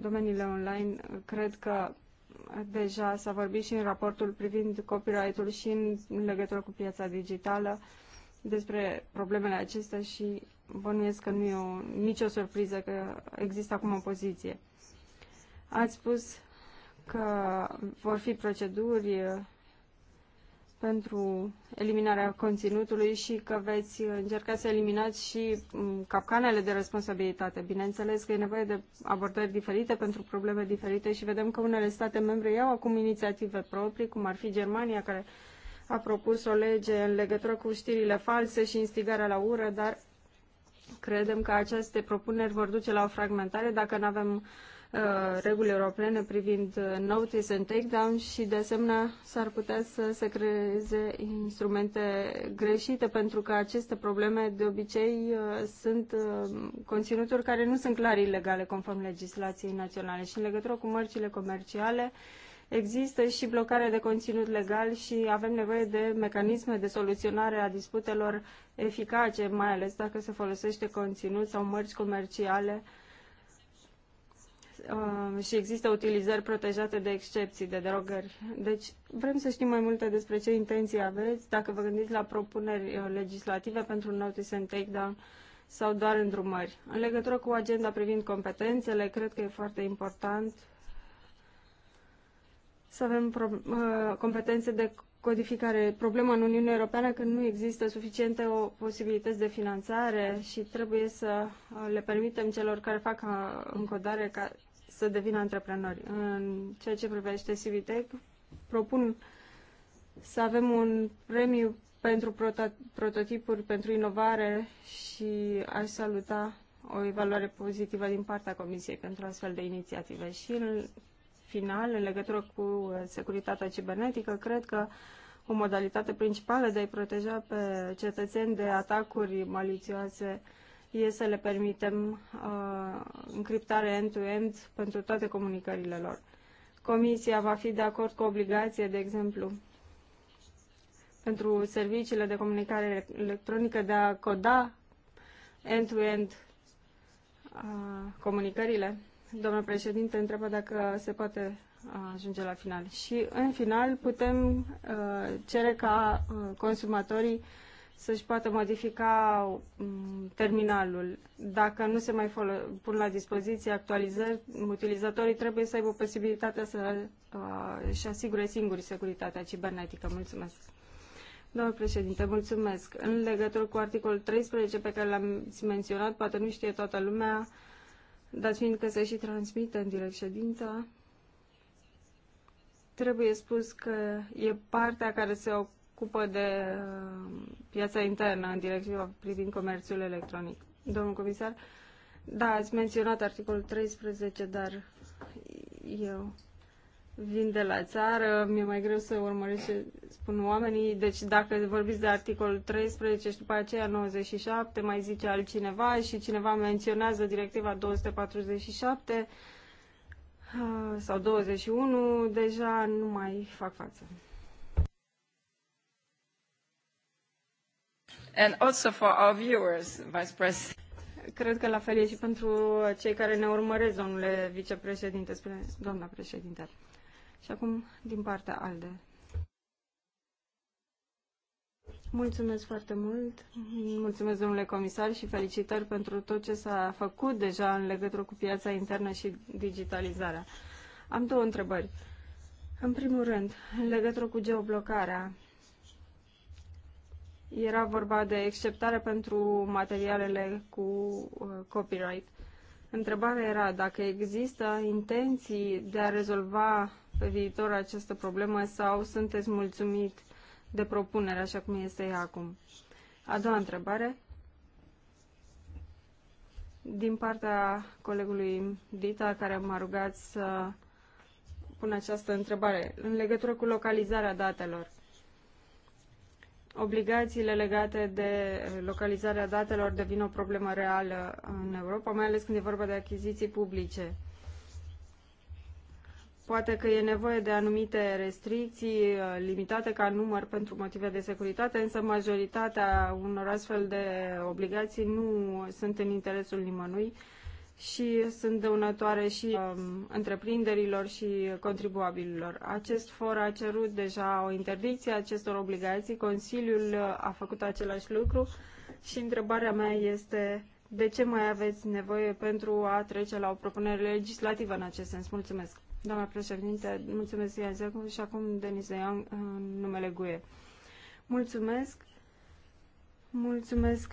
Speaker 3: domeniile online, cred că deja s-a vorbit și în raportul privind copyright-ul și în legătură cu piața digitală despre problemele acestea și bănuiesc că nu e o, nicio surpriză că există acum o poziție. Ați spus că vor fi proceduri uh, pentru eliminarea conținutului și că veți încerca să eliminați și um, capcanele de responsabilitate. Bineînțeles că e nevoie de abordări diferite pentru probleme diferite și vedem că unele state membre iau acum inițiative proprii, cum ar fi Germania, care a propus o lege în legătură cu știrile false și instigarea la ură, dar credem că aceste propuneri vor duce la o fragmentare dacă nu avem uh, Uh, reguli europene privind uh, notice and takedown și de asemenea s-ar putea să se creeze instrumente greșite pentru că aceste probleme de obicei uh, sunt conținuturi care nu sunt clar ilegale conform legislației naționale și în legătură cu mărcile comerciale există și blocarea de conținut legal și avem nevoie de mecanisme de soluționare a disputelor eficace, mai ales dacă se folosește conținut sau mărci comerciale uh, Um, și există utilizări protejate de excepții, de derogări. Deci vrem să știm mai multe despre ce intenții aveți, dacă vă gândiți la propuneri uh, legislative pentru notice and takedown sau doar îndrumări. În legătură cu agenda privind competențele, cred că e foarte important să avem pro, uh, competențe de codificare. Problema în Uniunea Europeană că nu există suficiente o posibilități de finanțare și trebuie să uh, le permitem celor care fac uh, încodare ca să devină antreprenori. În ceea ce privește Civitec, propun să avem un premiu pentru prototipuri, pentru inovare și aș saluta o evaluare pozitivă din partea Comisiei pentru astfel de inițiative. Și în final, în legătură cu securitatea cibernetică, cred că o modalitate principală de a-i proteja pe cetățeni de atacuri malițioase e să le permitem uh, încriptare end-to-end -end pentru toate comunicările lor. Comisia va fi de acord cu obligație, de exemplu, pentru serviciile de comunicare electronică de a coda end-to-end -end, uh, comunicările? Domnul președinte întreabă dacă se poate uh, ajunge la final. Și în final putem uh, cere ca uh, consumatorii să-și poată modifica mm, terminalul. Dacă nu se mai pun la dispoziție actualizări, utilizatorii trebuie să aibă posibilitatea să și uh, asigure singuri securitatea cibernetică. Mulțumesc! Doamnă președinte, mulțumesc. În legătură cu articolul 13 pe care l-am menționat, poate nu știe toată lumea, dar fiindcă se și transmite în direct ședința, trebuie spus că e partea care se ocupă ocupă de uh, piața internă în directiva privind comerțul electronic. Domnul comisar, da, ați menționat articolul 13, dar eu vin de la țară, mi-e mai greu să urmăresc ce spun oamenii, deci dacă vorbiți de articolul 13 și după aceea 97, mai zice altcineva și cineva menționează directiva 247 uh, sau 21, deja nu mai fac față. and also for our viewers, Vice President. Cred că la fel e și pentru cei care ne urmăresc, domnule vicepreședinte, spune doamna președinte. Și acum, din partea ALDE. Mulțumesc foarte mult. Mulțumesc, domnule comisar, și felicitări pentru tot ce s-a făcut deja în legătură cu piața internă și digitalizarea. Am două întrebări. În primul rând, în legătură cu geoblocarea, era vorba de exceptare pentru materialele cu uh, copyright. Întrebarea era dacă există intenții de a rezolva pe viitor această problemă sau sunteți mulțumit de propunere așa cum este ea acum. A doua întrebare din partea colegului Dita care m-a rugat să pun această întrebare în legătură cu localizarea datelor obligațiile legate de localizarea datelor devin o problemă reală în Europa, mai ales când e vorba de achiziții publice. Poate că e nevoie de anumite restricții uh, limitate ca număr pentru motive de securitate, însă majoritatea unor astfel de obligații nu sunt în interesul nimănui și sunt dăunătoare și um, întreprinderilor și contribuabililor. Acest for a cerut deja o interdicție a acestor obligații, Consiliul uh, a făcut același lucru și întrebarea mea este de ce mai aveți nevoie pentru a trece la o propunere legislativă în acest sens? Mulțumesc. Doamna președinte, mulțumesc Ian Zecu și acum Denis Leon în numele GUE. Mulțumesc. Mulțumesc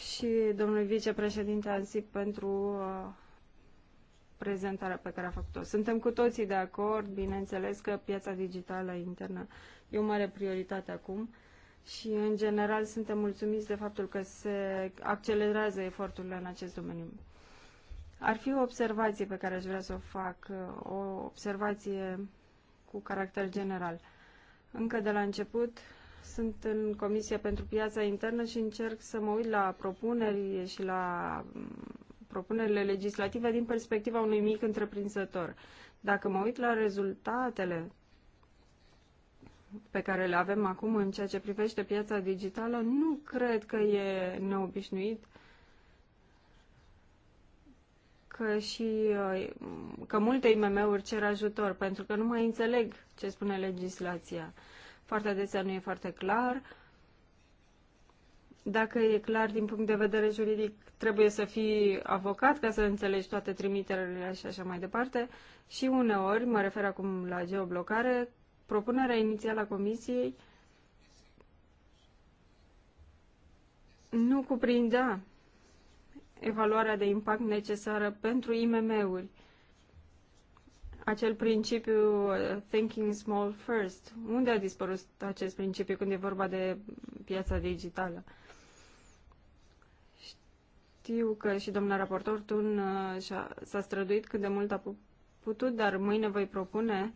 Speaker 3: și domnului vicepreședinte ANSIP pentru uh, prezentarea pe care a făcut-o. Suntem cu toții de acord, bineînțeles că piața digitală internă e o mare prioritate acum și, în general, suntem mulțumiți de faptul că se accelerează eforturile în acest domeniu. Ar fi o observație pe care aș vrea să o fac, uh, o observație cu caracter general. Încă de la început, sunt în Comisia pentru Piața Internă și încerc să mă uit la propuneri și la mm, propunerile legislative din perspectiva unui mic întreprinzător. Dacă mă uit la rezultatele pe care le avem acum în ceea ce privește piața digitală, nu cred că e neobișnuit că și uh, că multe IMM-uri cer ajutor, pentru că nu mai înțeleg ce spune legislația foarte adesea nu e foarte clar. Dacă e clar din punct de vedere juridic, trebuie să fii avocat ca să înțelegi toate trimiterile și așa mai departe. Și uneori, mă refer acum la geoblocare, propunerea inițială a Comisiei nu cuprindea evaluarea de impact necesară pentru IMM-uri acel principiu uh, thinking small first. Unde a dispărut acest principiu când e vorba de piața digitală? Știu că și domnul raportor Tun uh, s-a străduit cât de mult a putut, dar mâine voi propune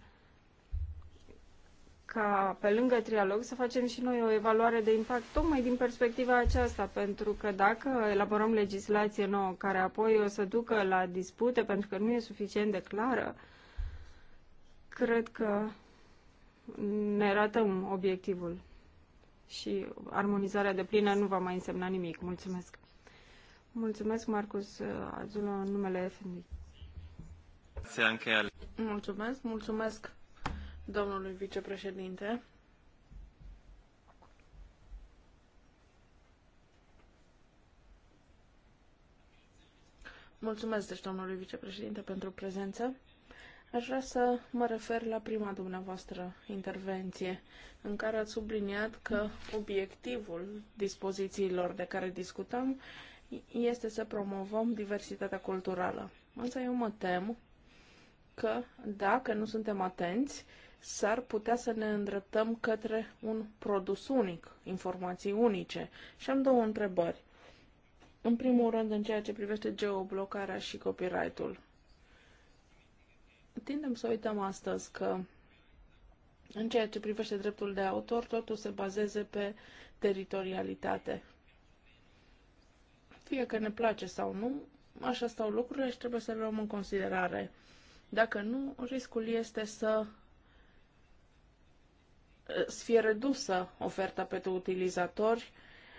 Speaker 3: ca pe lângă trialog să facem și noi o evaluare de impact tocmai din perspectiva aceasta, pentru că dacă elaborăm legislație nouă care apoi o să ducă la dispute pentru că nu e suficient de clară, cred că ne ratăm obiectivul și armonizarea de plină nu va mai însemna nimic. Mulțumesc. Mulțumesc,
Speaker 2: Marcus Azulo, în numele FMI. Mulțumesc, mulțumesc domnului vicepreședinte. Mulțumesc, deci, domnului vicepreședinte, pentru prezență. Aș vrea să mă refer la prima dumneavoastră intervenție, în care ați subliniat că obiectivul dispozițiilor de care discutăm este să promovăm diversitatea culturală. Însă eu mă tem că dacă nu suntem atenți, s-ar putea să ne îndreptăm către un produs unic, informații unice. Și am două întrebări. În primul rând, în ceea ce privește geoblocarea și copyright-ul tindem să uităm astăzi că în ceea ce privește dreptul de autor, totul se bazeze pe teritorialitate. Fie că ne place sau nu, așa stau lucrurile și trebuie să le luăm în considerare. Dacă nu, riscul este să fie redusă oferta pentru utilizatori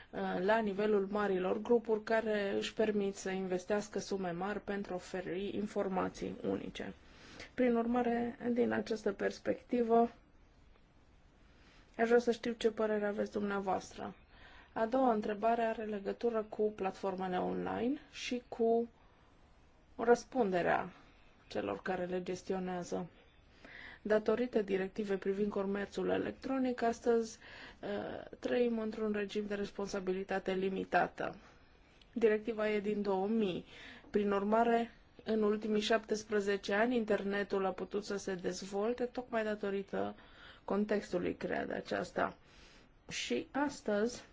Speaker 2: uh, la nivelul marilor grupuri care își permit să investească sume mari pentru a oferi informații unice. Prin urmare, din această perspectivă, aș vrea să știu ce părere aveți dumneavoastră. A doua întrebare are legătură cu platformele online și cu răspunderea celor care le gestionează. Datorită directivei privind comerțul electronic, astăzi ă, trăim într-un regim de responsabilitate limitată. Directiva e din 2000. Prin urmare, în ultimii 17 ani, internetul a putut să se dezvolte tocmai datorită contextului creat de aceasta. Și astăzi,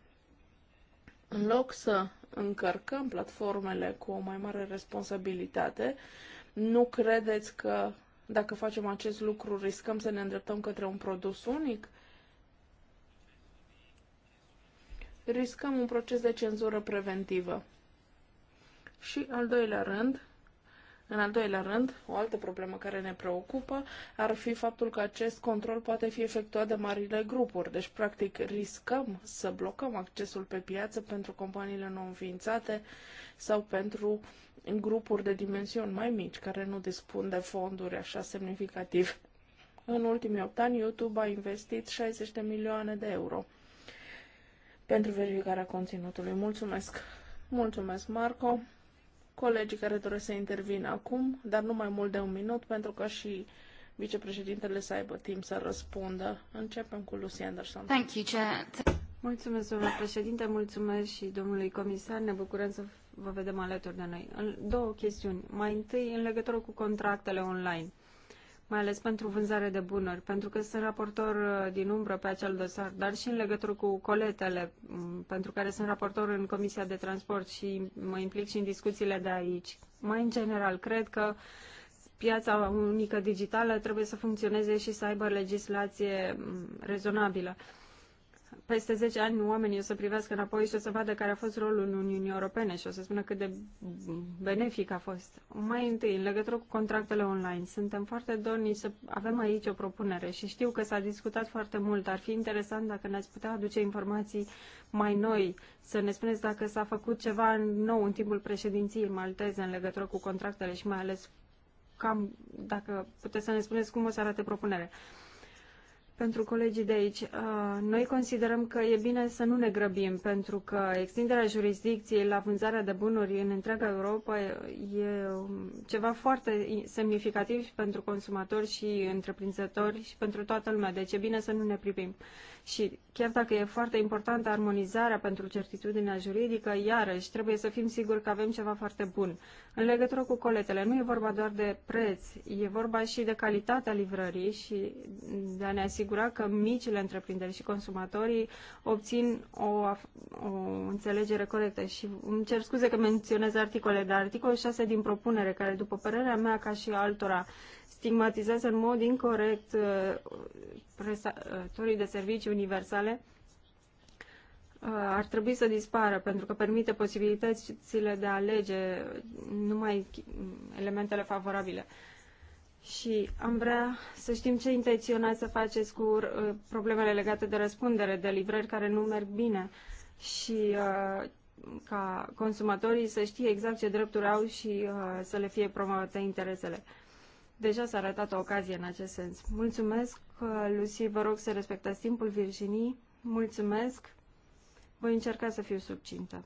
Speaker 2: în loc să încărcăm platformele cu o mai mare responsabilitate, nu credeți că dacă facem acest lucru riscăm să ne îndreptăm către un produs unic? Riscăm un proces de cenzură preventivă. Și al doilea rând, în al doilea rând, o altă problemă care ne preocupă ar fi faptul că acest control poate fi efectuat de marile grupuri, deci practic riscăm să blocăm accesul pe piață pentru companiile nou înființate sau pentru grupuri de dimensiuni mai mici care nu dispun de fonduri așa semnificative. În ultimii 8 ani, YouTube a investit 60 de milioane de euro pentru verificarea conținutului. Mulțumesc! Mulțumesc, Marco! colegii care doresc să intervină acum, dar nu mai mult de un minut, pentru că și vicepreședintele să aibă timp să răspundă. Începem cu Lucy Anderson. Thank you, Chair.
Speaker 3: Mulțumesc, domnule președinte, mulțumesc și domnului comisar. Ne bucurăm să vă vedem alături de noi. Două chestiuni. Mai întâi, în legătură cu contractele online mai ales pentru vânzare de bunuri, pentru că sunt raportor uh, din umbră pe acel dosar, dar și în legătură cu coletele, mm, pentru care sunt raportor în Comisia de Transport și mă implic și în discuțiile de aici. Mai în general, cred că piața unică digitală trebuie să funcționeze și să aibă legislație mm, rezonabilă peste 10 ani oamenii o să privească înapoi și o să vadă care a fost rolul Uniunii Europene și o să spună cât de benefic a fost. Mai întâi, în legătură cu contractele online, suntem foarte dornici să avem aici o propunere și știu că s-a discutat foarte mult. Ar fi interesant dacă ne-ați putea aduce informații mai noi, să ne spuneți dacă s-a făcut ceva nou în timpul președinției malteze în legătură cu contractele și mai ales cam dacă puteți să ne spuneți cum o să arate propunerea pentru colegii de aici. Uh, noi considerăm că e bine să nu ne grăbim, pentru că extinderea jurisdicției la vânzarea de bunuri în întreaga Europa e ceva foarte semnificativ și pentru consumatori și întreprinzători și pentru toată lumea. Deci e bine să nu ne privim. Și chiar dacă e foarte importantă armonizarea pentru certitudinea juridică, iarăși trebuie să fim siguri că avem ceva foarte bun. În legătură cu coletele, nu e vorba doar de preț, e vorba și de calitatea livrării și de a ne asigura că micile întreprinderi și consumatorii obțin o, o înțelegere corectă. Și îmi cer scuze că menționez articole, dar articolul 6 din propunere, care după părerea mea, ca și altora, stigmatizează în mod incorrect uh, prestatorii de servicii universale uh, ar trebui să dispară, pentru că permite posibilitățile de a alege numai elementele favorabile. Și am vrea să știm ce intenționați să faceți cu uh, problemele legate de răspundere, de livrări care nu merg bine și ca consumatorii să știe exact ce drepturi au și să le fie promovate interesele. Deja s-a arătat o ocazie în acest sens. Mulțumesc, uh, Lucy, vă rog să respectați timpul Virginii. Mulțumesc. Voi încerca să fiu subcintă.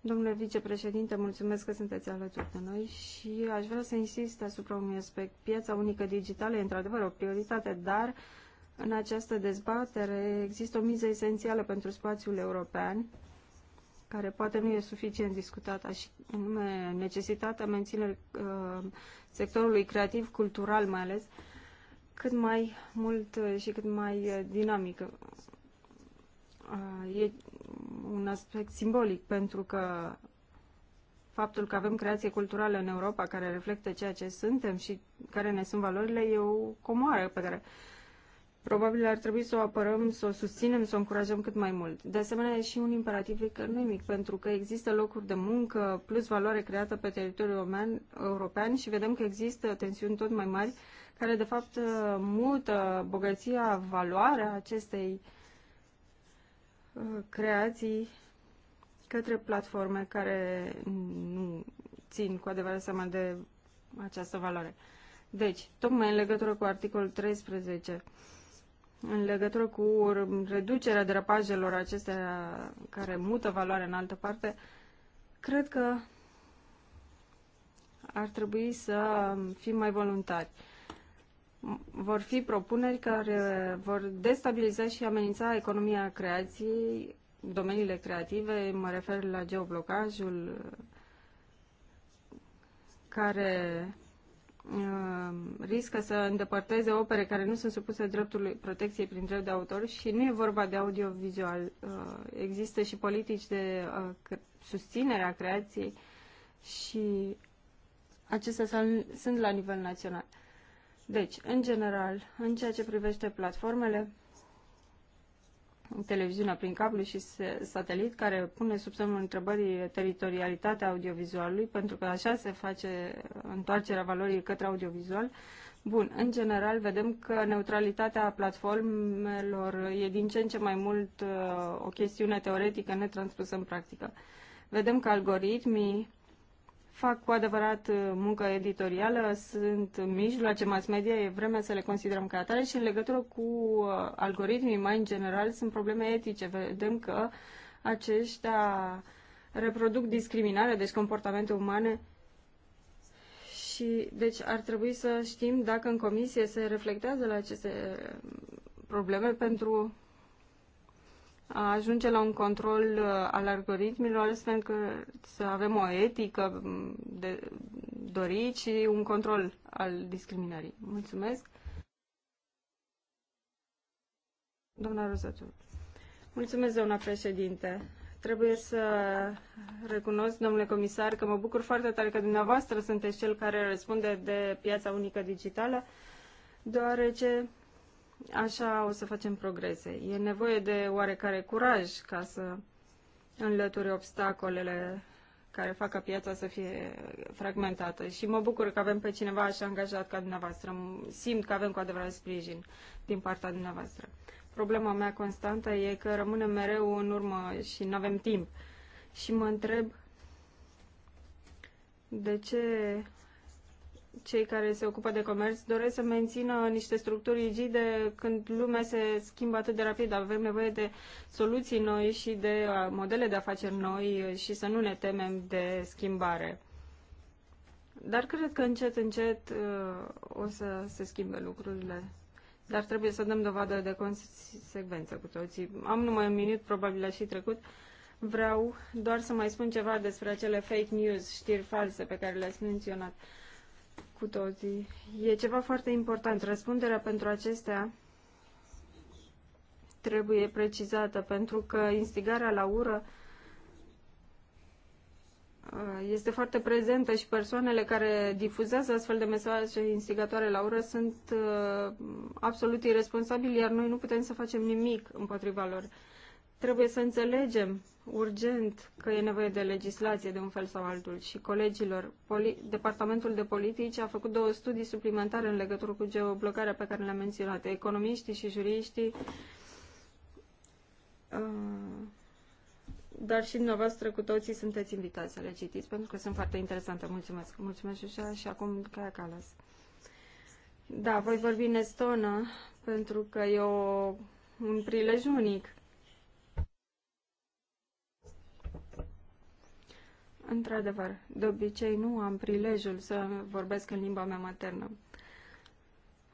Speaker 3: Domnule vicepreședinte, mulțumesc că sunteți alături de noi și aș vrea să insist asupra unui aspect. Piața unică digitală e într-adevăr o prioritate, dar în această dezbatere există o miză esențială pentru spațiul european care poate nu e suficient discutată, și anume necesitatea menținerii uh, sectorului creativ, cultural mai ales, cât mai mult uh, și cât mai uh, dinamic, Uh, e un aspect simbolic pentru că faptul că avem creație culturală în Europa care reflectă ceea ce suntem și care ne sunt valorile e o comoară pe care uh, probabil ar trebui să o apărăm, să o susținem, să o încurajăm cât mai mult. De asemenea, e și un imperativ economic, pentru că există locuri de muncă plus valoare creată pe teritoriul european și vedem că există tensiuni tot mai mari care, de fapt, mută bogăția, valoarea acestei uh, creații către platforme care nu țin cu adevărat seama de această valoare. Deci, tocmai în legătură cu articolul 13, în legătură cu reducerea drapajelor acestea care mută valoare în altă parte, cred că ar trebui să fim mai voluntari. Vor fi propuneri care vor destabiliza și amenința economia creației, domeniile creative, mă refer la geoblocajul care Uh, riscă să îndepărteze opere care nu sunt supuse dreptului protecției prin drept de autor și nu e vorba de audiovizual. Uh, există și politici de uh, susținere a creației și acestea sunt la nivel național. Deci, în general, în ceea ce privește platformele, televiziunea prin cablu și satelit care pune sub semnul întrebării teritorialitatea audiovizualului, pentru că așa se face întoarcerea valorii către audiovizual. Bun, în general vedem că neutralitatea platformelor e din ce în ce mai mult uh, o chestiune teoretică netranspusă în practică. Vedem că algoritmii fac cu adevărat uh, muncă editorială, sunt mijloace mass media, e vremea să le considerăm ca atare și în legătură cu uh, algoritmii mai în general sunt probleme etice. Vedem că aceștia reproduc discriminare, deci comportamente umane și deci ar trebui să știm dacă în comisie se reflectează la aceste uh, probleme pentru a ajunge la un control uh, al algoritmilor, astfel că să avem o etică mm, de dorit și un control al discriminării. Mulțumesc. Doamna Rozăciu. Mulțumesc, doamna președinte. Trebuie să recunosc, domnule comisar, că mă bucur foarte tare că dumneavoastră sunteți cel care răspunde de piața unică digitală, deoarece Așa o să facem progrese. E nevoie de oarecare curaj ca să înlături obstacolele care fac ca piața să fie fragmentată. Și mă bucur că avem pe cineva așa angajat ca dumneavoastră. Simt că avem cu adevărat sprijin din partea dumneavoastră. Problema mea constantă e că rămânem mereu în urmă și nu avem timp. Și mă întreb de ce cei care se ocupă de comerț doresc să mențină niște structuri rigide când lumea se schimbă atât de rapid. Avem nevoie de soluții noi și de uh, modele de afaceri noi și să nu ne temem de schimbare. Dar cred că încet, încet uh, o să se schimbe lucrurile. Dar trebuie să dăm dovadă de consecvență cu toții. Am numai un minut, probabil și trecut. Vreau doar să mai spun ceva despre acele fake news, știri false pe care le-ați menționat. Uh, cu toții. E ceva foarte important. Răspunderea pentru acestea trebuie precizată, pentru că instigarea la ură uh, este foarte prezentă și persoanele care difuzează astfel de mesaje instigatoare la ură sunt uh, absolut irresponsabili, iar noi nu putem să facem nimic împotriva lor. Trebuie să înțelegem urgent că e nevoie de legislație de un fel sau altul și colegilor. Poli- Departamentul de Politici a făcut două studii suplimentare în legătură cu geoblocarea pe care le-am menționat. Economiștii și juriștii, uh, dar și dumneavoastră cu toții sunteți invitați să le citiți, pentru că sunt foarte interesante. Mulțumesc! Mulțumesc, Jușa, și acum Caia Calas. Da, voi vorbi în estonă, pentru că e o, un prilej unic Într-adevăr, de obicei nu am prilejul să vorbesc în limba mea maternă.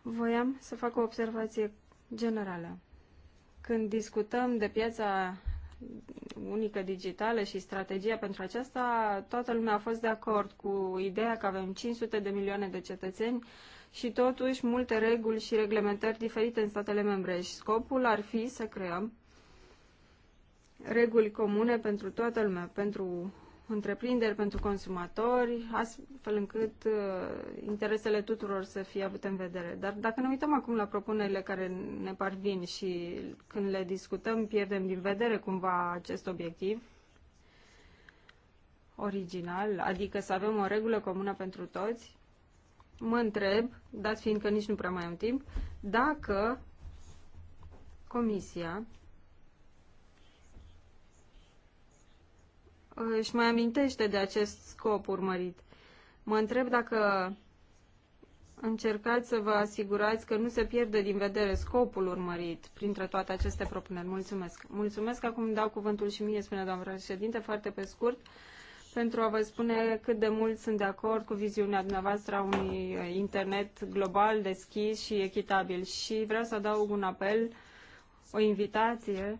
Speaker 3: Voiam să fac o observație generală. Când discutăm de piața unică digitală și strategia pentru aceasta, toată lumea a fost de acord cu ideea că avem 500 de milioane de cetățeni și totuși multe reguli și reglementări diferite în statele membre și scopul ar fi să creăm reguli comune pentru toată lumea, pentru întreprinderi, pentru consumatori, astfel încât uh, interesele tuturor să fie avute în vedere. Dar dacă ne uităm acum la propunerile care ne parvin și când le discutăm, pierdem din vedere cumva acest obiectiv original, adică să avem o regulă comună pentru toți, mă întreb, dat fiindcă nici nu prea mai am timp, dacă Comisia Uh, își mai amintește de acest scop urmărit. Mă întreb dacă încercați să vă asigurați că nu se pierde din vedere scopul urmărit printre toate aceste propuneri. Mulțumesc. Mulțumesc. Acum dau cuvântul și mie, spune doamna președinte, foarte pe scurt, pentru a vă spune cât de mult sunt de acord cu viziunea dumneavoastră a unui internet global, deschis și echitabil. Și vreau să adaug un apel, o invitație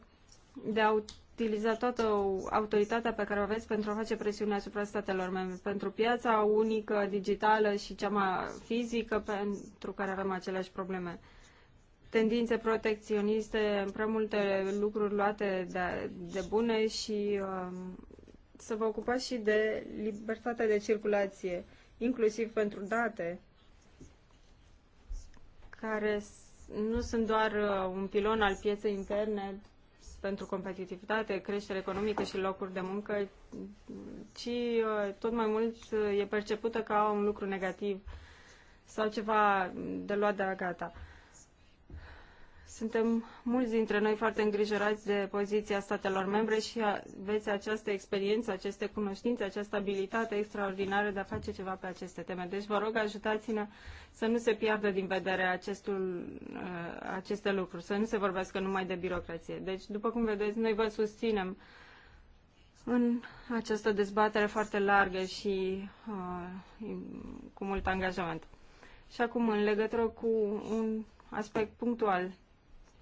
Speaker 3: de a utiliza toată autoritatea pe care o aveți pentru a face presiune asupra statelor membre, pentru piața unică, digitală și cea mai fizică, pentru care avem aceleași probleme. Tendințe protecționiste, prea multe lucruri luate de, de bune și um, să vă ocupați și de libertatea de circulație, inclusiv pentru date, care nu sunt doar uh, un pilon al pieței interne, pentru competitivitate, creștere economică și locuri de muncă, ci uh, tot mai mult uh, e percepută ca un lucru negativ sau ceva de luat de la gata. Suntem mulți dintre noi foarte îngrijorați de poziția statelor membre și aveți această experiență, aceste cunoștințe, această abilitate extraordinară de a face ceva pe aceste teme. Deci vă rog, ajutați-ne să nu se piardă din vedere acestul, uh, aceste lucruri, să nu se vorbească numai de birocrație. Deci, după cum vedeți, noi vă susținem în această dezbatere foarte largă și uh, cu mult angajament. Și acum, în legătură cu un aspect punctual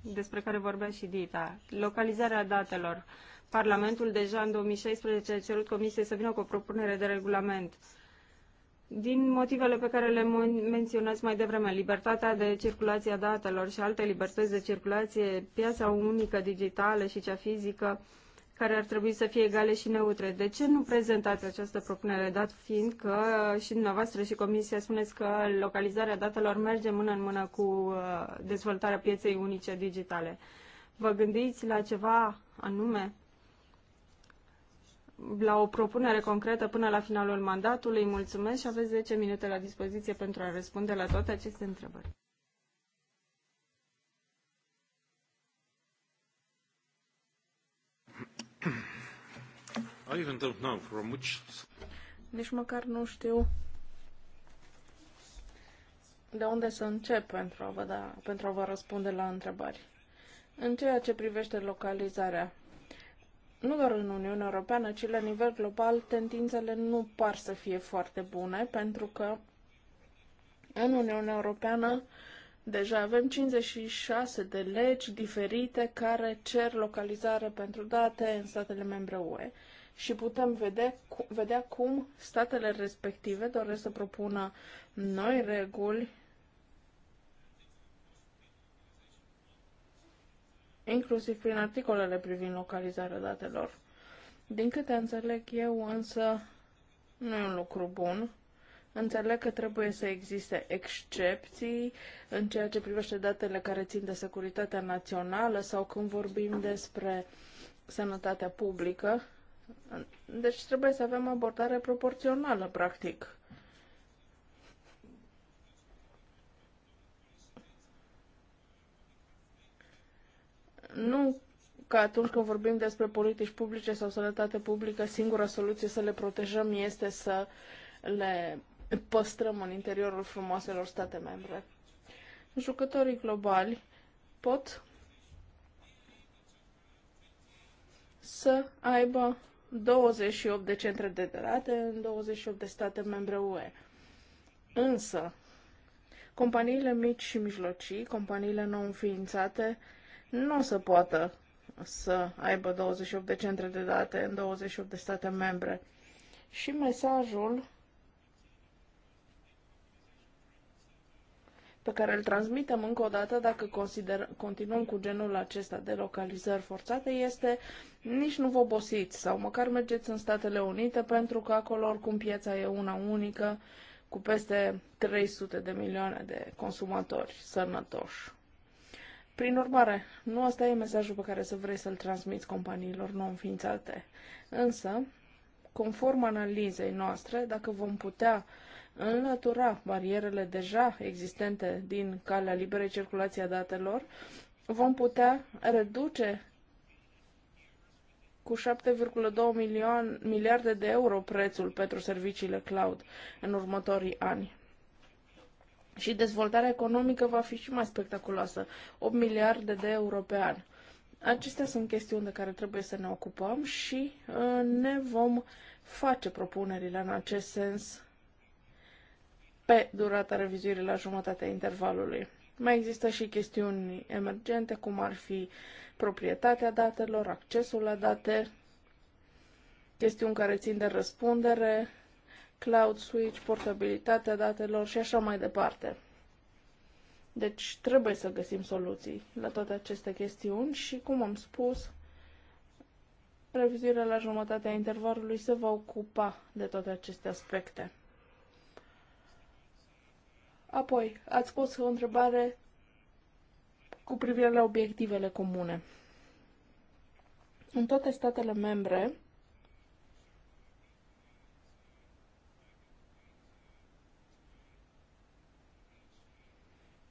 Speaker 3: despre care vorbea și Dita, localizarea datelor. Parlamentul deja în 2016 a cerut Comisiei să vină cu o propunere de regulament. Din motivele pe care le menționați mai devreme, libertatea de circulație a datelor și alte libertăți de circulație, piața unică digitală și cea fizică, uh, care ar trebui să fie egale și neutre. De ce nu prezentați această propunere, dat fiind că și dumneavoastră și Comisia spuneți că localizarea datelor merge mână în mână cu uh, dezvoltarea pieței unice digitale? Vă gândiți la ceva anume? La o propunere concretă până la finalul mandatului. Mulțumesc și aveți 10 minute la dispoziție pentru a răspunde la toate aceste întrebări.
Speaker 2: I even don't know from which... Nici măcar nu știu de unde să încep pentru a vă, da, pentru a vă răspunde la întrebări. În ceea ce privește localizarea, nu doar în Uniunea Europeană, ci la nivel global, tendințele nu par să fie foarte bune, pentru că în Uniunea Europeană deja avem 56 de legi diferite care cer localizare pentru date în statele membre UE și putem vede, vedea cum statele respective doresc să propună noi reguli inclusiv prin articolele privind localizarea datelor. Din câte înțeleg eu, însă, nu e un lucru bun. Înțeleg că trebuie să existe excepții în ceea ce privește datele care țin de securitatea națională sau când vorbim despre sănătatea publică, deci trebuie să avem abordare proporțională, practic. Nu că atunci când vorbim despre politici publice sau sănătate publică, singura soluție să le protejăm este să le păstrăm în interiorul frumoaselor state membre. Jucătorii globali pot să aibă 28 de centre de date în 28 de state membre UE. Însă, companiile mici și mijlocii, companiile nou înființate, nu o să poată să aibă 28 de centre de date în 28 de state membre. Și mesajul pe care îl transmitem încă o dată dacă consider, continuăm cu genul acesta de localizări forțate este nici nu vă obosiți sau măcar mergeți în Statele Unite pentru că acolo oricum piața e una unică cu peste 300 de milioane de consumatori sănătoși. Prin urmare, nu asta e mesajul pe care să vrei să-l transmiți companiilor nou înființate. Însă, conform analizei noastre, dacă vom putea uh, înlătura barierele deja existente din calea liberei circulației a datelor, vom putea reduce cu 7,2 miliarde de euro prețul pentru serviciile cloud în următorii ani. Și dezvoltarea economică va fi și mai spectaculoasă, 8 miliarde de euro pe an. Acestea sunt chestiuni de care trebuie să ne ocupăm și uh, ne vom face propunerile în acest sens pe durata revizuirii la jumătatea intervalului. Mai există și chestiuni emergente, cum ar fi proprietatea datelor, accesul la date, chestiuni care țin de răspundere, cloud switch, portabilitatea datelor și așa mai departe. Deci trebuie să găsim soluții la toate aceste chestiuni și, cum am spus, revizuirea la jumătatea intervalului se va ocupa de toate aceste aspecte. Apoi, ați pus o întrebare cu privire la obiectivele comune. În toate statele membre,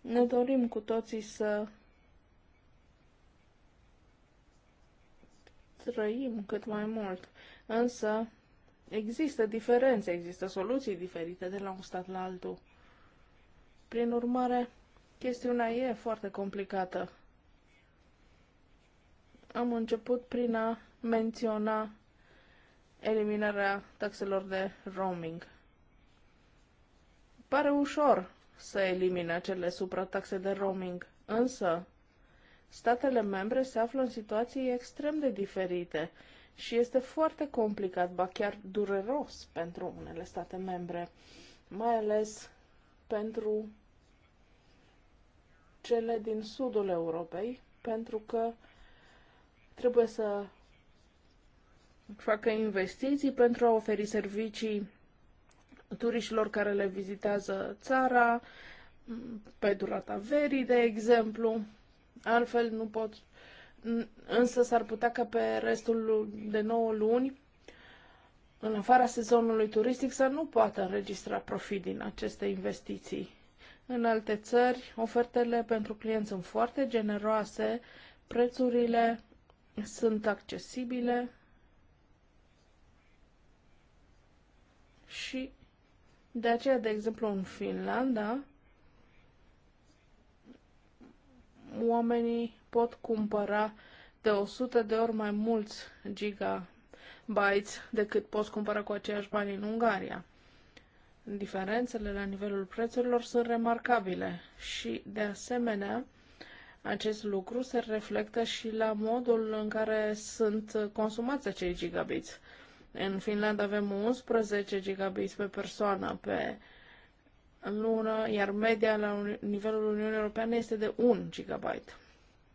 Speaker 2: ne dorim cu toții să trăim cât mai mult, însă există diferențe, există soluții diferite de la un stat la altul. Prin urmare, chestiunea e foarte complicată. Am început prin a menționa eliminarea taxelor de roaming. Pare ușor să elimine acele suprataxe de roaming, însă statele membre se află în situații extrem de diferite și este foarte complicat, ba chiar dureros pentru unele state membre, mai ales pentru cele din sudul Europei, pentru că trebuie să facă investiții pentru a oferi servicii turiștilor care le vizitează țara, pe durata verii, de exemplu. Altfel nu pot, însă s-ar putea ca pe restul de 9 luni, în afara sezonului turistic, să nu poată înregistra profit din aceste investiții. În alte țări, ofertele pentru clienți sunt foarte generoase, prețurile sunt accesibile și de aceea, de exemplu, în Finlanda, oamenii pot cumpăra de 100 de ori mai mulți gigabytes decât poți cumpăra cu aceiași bani în Ungaria diferențele la nivelul prețurilor sunt remarcabile și, de asemenea, acest lucru se reflectă și la modul în care sunt consumați acei gigabiți. În Finlanda avem 11 gigabiți pe persoană pe lună, iar media la nivelul Uniunii Europeane este de 1 gigabyte.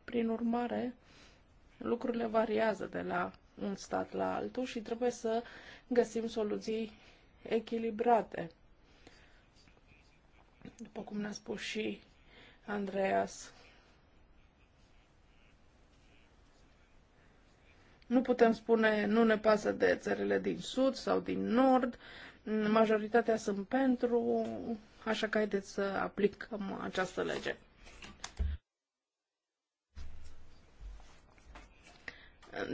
Speaker 2: Prin urmare, lucrurile variază de la un stat la altul și trebuie să găsim soluții echilibrate. După cum ne-a spus și Andreas, Nu putem spune nu ne pasă de țările din sud sau din nord. Majoritatea sunt pentru, așa că haideți să aplicăm această lege.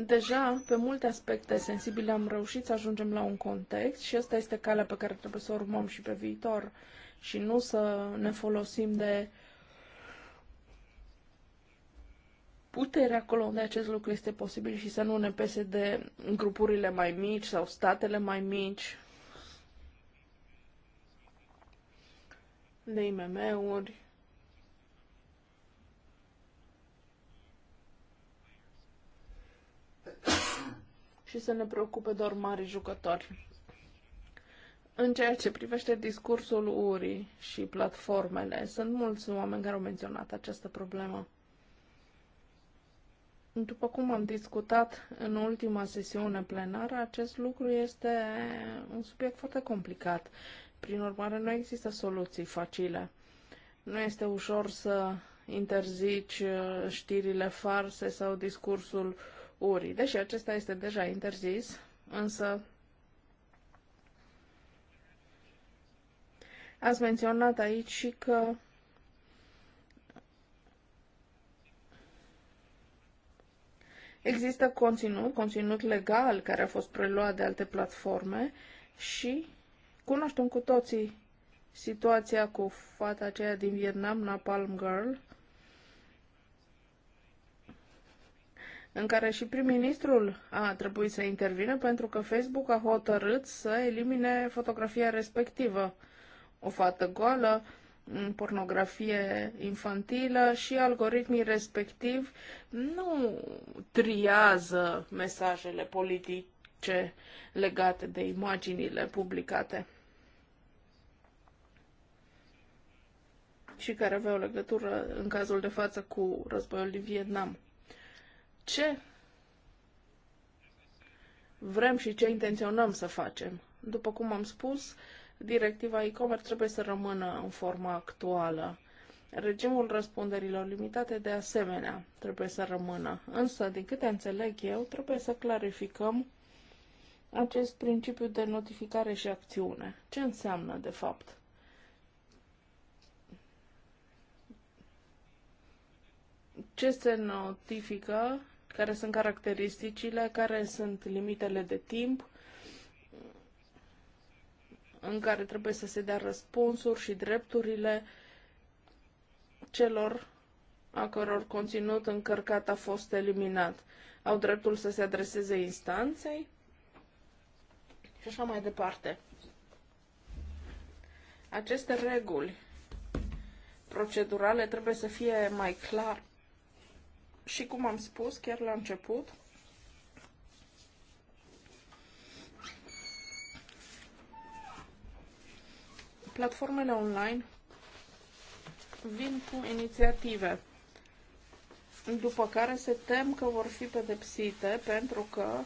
Speaker 2: Deja, pe multe aspecte sensibile am reușit să ajungem la un context și asta este calea pe care trebuie să o urmăm și pe viitor și nu să ne folosim de puterea acolo unde acest lucru este posibil și să nu ne pese de grupurile mai mici sau statele mai mici, de IMM-uri și să ne preocupe doar mari jucători. În ceea ce privește discursul URI și platformele, sunt mulți oameni care au menționat această problemă. După cum am discutat în ultima sesiune plenară, acest lucru este un subiect foarte complicat. Prin urmare, nu există soluții facile. Nu este ușor să interzici știrile farse sau discursul urii, deși acesta este deja interzis, însă ați menționat aici și că Există conținut, conținut legal care a fost preluat de alte platforme și cunoaștem cu toții situația cu fata aceea din Vietnam, Napalm Girl, în care și prim-ministrul a trebuit să intervină pentru că Facebook a hotărât să elimine fotografia respectivă. O fată goală, pornografie infantilă și algoritmii respectiv nu triază mesajele politice legate de imaginile publicate și care aveau legătură în cazul de față cu războiul din Vietnam ce vrem și ce intenționăm să facem. După cum am spus, directiva e-commerce trebuie să rămână în forma actuală. Regimul răspunderilor limitate de asemenea trebuie să rămână. Însă, din câte înțeleg eu, trebuie să clarificăm acest principiu de notificare și acțiune. Ce înseamnă, de fapt? Ce se notifică care sunt caracteristicile, care sunt limitele de timp în care trebuie să se dea răspunsuri și drepturile celor a căror conținut încărcat a fost eliminat. Au dreptul să se adreseze instanței și așa mai departe. Aceste reguli procedurale trebuie să fie mai clar și cum am spus chiar la început, platformele online vin cu inițiative, după care se tem că vor fi pedepsite pentru că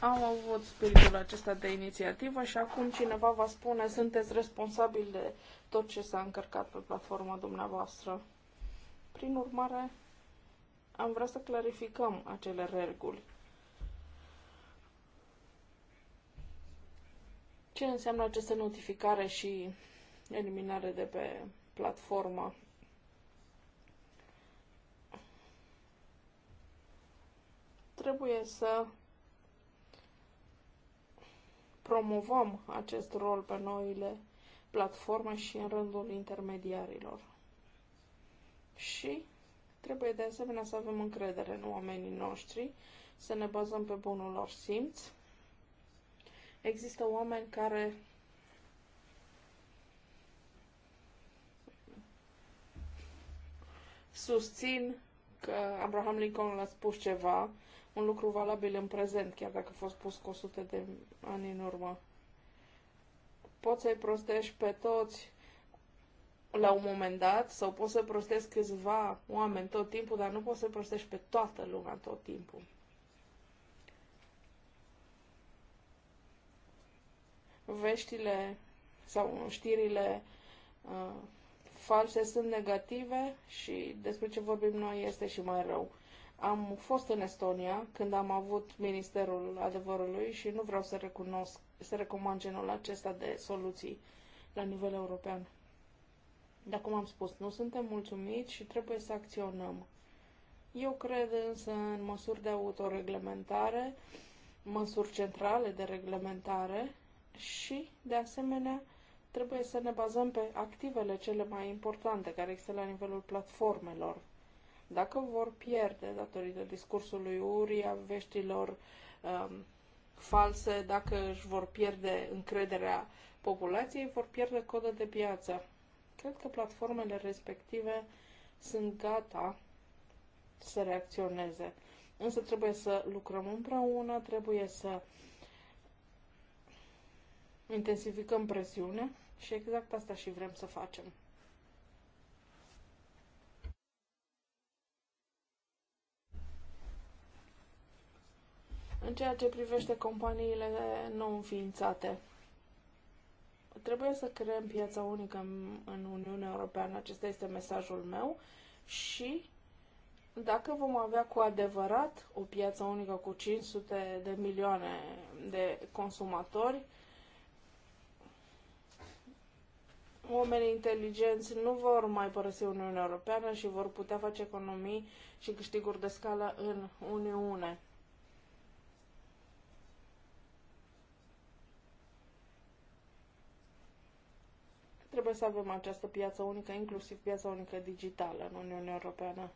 Speaker 2: au avut spiritul acesta de inițiativă și acum cineva va spune sunteți responsabili de tot ce s-a încărcat pe platforma dumneavoastră. Prin urmare, am vrea să clarificăm acele reguli. Ce înseamnă această notificare și eliminare de pe platformă? Trebuie să promovăm acest rol pe noile platforme și în rândul intermediarilor. Și trebuie de asemenea să avem încredere în oamenii noștri, să ne bazăm pe bunul lor simț. Există oameni care susțin că Abraham Lincoln l-a spus ceva, un lucru valabil în prezent, chiar dacă a fost pus cu 100 de ani în urmă poți să-i prostești pe toți la un moment dat sau poți să prostești câțiva oameni tot timpul, dar nu poți să prostești pe toată lumea tot timpul. Veștile sau știrile uh, false sunt negative și despre ce vorbim noi este și mai rău. Am fost în Estonia când am avut Ministerul Adevărului și nu vreau să recunosc, să recomand genul acesta de soluții la nivel european. Dar cum am spus, nu suntem mulțumiți și trebuie să acționăm. Eu cred însă în măsuri de autoreglementare, măsuri centrale de reglementare și, de asemenea, trebuie să ne bazăm pe activele cele mai importante care există la nivelul platformelor dacă vor pierde datorită discursului uria, veștilor um, false, dacă își vor pierde încrederea populației, vor pierde codă de piață. Cred că platformele respective sunt gata să reacționeze. Însă trebuie să lucrăm împreună, trebuie să intensificăm presiunea și exact asta și vrem să facem. În ceea ce privește companiile nou înființate, trebuie să creăm piața unică în Uniunea Europeană, acesta este mesajul meu, și dacă vom avea cu adevărat o piață unică cu 500 de milioane de consumatori, oamenii inteligenți nu vor mai părăsi Uniunea Europeană și vor putea face economii și câștiguri de scală în Uniune. trebuie să avem această piață unică, inclusiv piața unică digitală în Uniunea Europeană.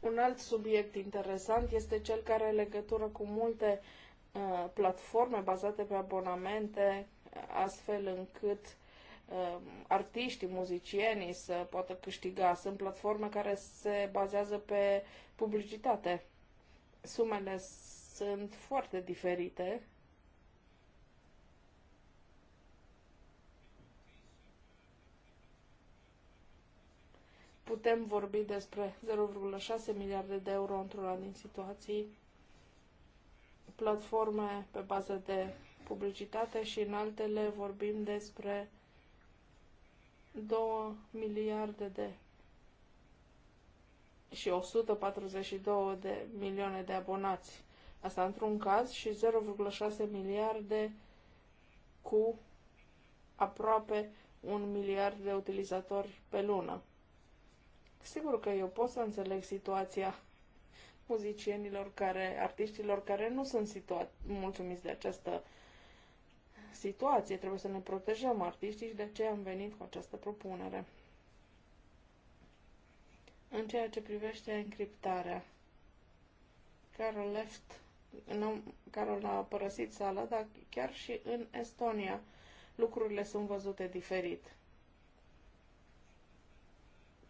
Speaker 2: Un alt subiect interesant este cel care are legătură cu multe uh, platforme bazate pe abonamente, astfel încât uh, artiștii, muzicienii să poată câștiga. Sunt platforme care se bazează pe publicitate. Sumele sunt foarte diferite. Putem vorbi despre 0,6 miliarde de euro într-una din situații, platforme pe bază de publicitate și în altele vorbim despre 2 miliarde de și 142 de milioane de abonați. Asta într-un caz și 0,6 miliarde cu aproape un miliard de utilizatori pe lună. Sigur că eu pot să înțeleg situația muzicienilor care, artiștilor care nu sunt situa- mulțumiți de această situație. Trebuie să ne protejăm artiștii și de aceea am venit cu această propunere. În ceea ce privește încriptarea, Carol Left l a părăsit sala, dar chiar și în Estonia lucrurile sunt văzute diferit.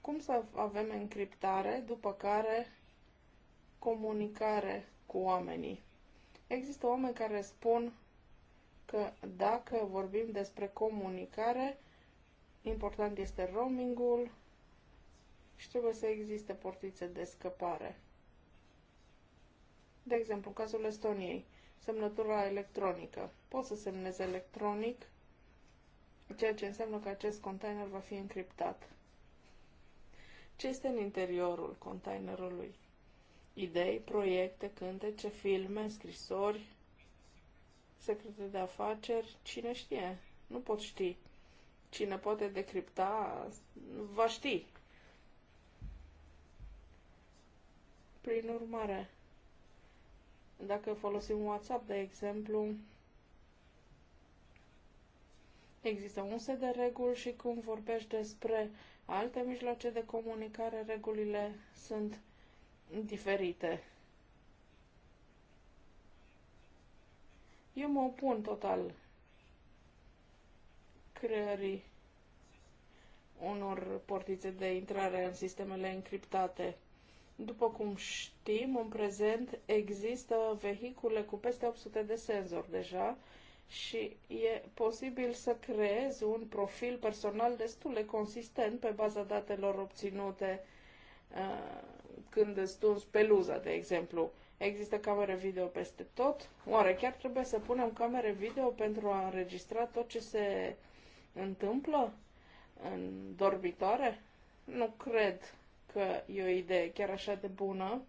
Speaker 2: Cum să avem încriptare, după care comunicare cu oamenii? Există oameni care spun că dacă vorbim despre comunicare, important este roamingul și trebuie să existe portițe de scăpare. De exemplu, cazul Estoniei, semnătura electronică. Poți să semnezi electronic, ceea ce înseamnă că acest container va fi încriptat. Ce este în interiorul containerului? Idei, proiecte, cântece, filme, scrisori, secrete de afaceri, cine știe? Nu pot ști. Cine poate decripta, va ști. Prin urmare, dacă folosim WhatsApp, de exemplu, există un set de reguli și cum vorbești despre alte mijloace de comunicare, regulile sunt diferite. Eu mă opun total creării unor portițe de intrare în sistemele încriptate. După cum știm, în prezent există vehicule cu peste 800 de senzori deja și e posibil să creezi un profil personal destul de consistent pe baza datelor obținute uh, când îți tunzi peluza, de exemplu. Există camere video peste tot. Oare chiar trebuie să punem camere video pentru a înregistra tot ce se întâmplă în dormitoare? Nu cred că e o idee chiar așa de bună.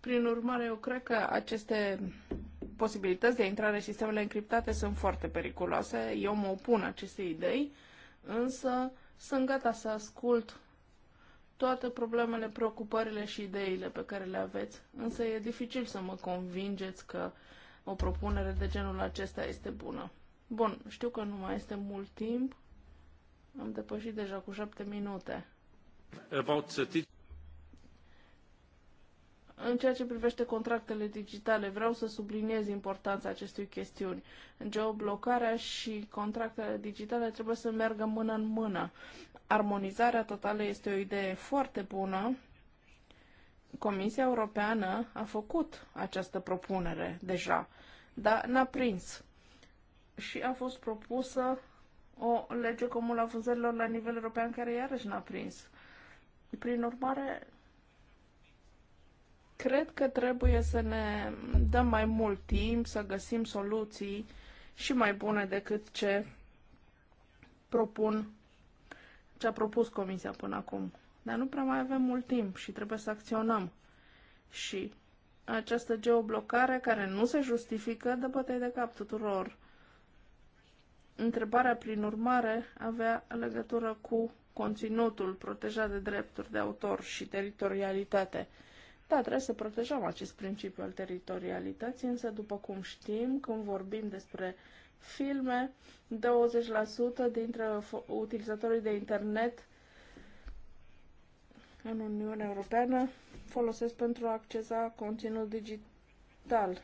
Speaker 2: Prin urmare, eu cred că aceste posibilități de intrare în sistemele încriptate sunt foarte periculoase. Eu mă opun acestei idei, însă sunt gata să ascult toate problemele, preocupările și ideile pe care le aveți, însă e dificil să mă convingeți că o propunere de genul acesta este bună. Bun, știu că nu mai este mult timp. Am depășit deja cu șapte minute.
Speaker 1: About the
Speaker 2: în ceea ce privește contractele digitale, vreau să subliniez importanța acestui chestiuni. Geoblocarea și contractele digitale trebuie să meargă mână în mână. Armonizarea totală este o idee foarte bună. Comisia Europeană a făcut această propunere deja, dar n-a prins. Și a fost propusă o lege comună a vânzărilor la nivel european care iarăși n-a prins. Prin urmare, cred că trebuie să ne dăm mai mult timp, să găsim soluții și mai bune decât ce propun ce a propus Comisia până acum. Dar nu prea mai avem mult timp și trebuie să acționăm. Și această geoblocare care nu se justifică dă bătăi de cap tuturor. Întrebarea, prin urmare, avea legătură cu conținutul protejat de drepturi de autor și teritorialitate. Da, trebuie să protejăm acest principiu al teritorialității, însă, după cum știm, când vorbim despre uh, filme, 20% dintre utilizatorii de internet în Uniunea Europeană folosesc pentru a accesa conținut digital.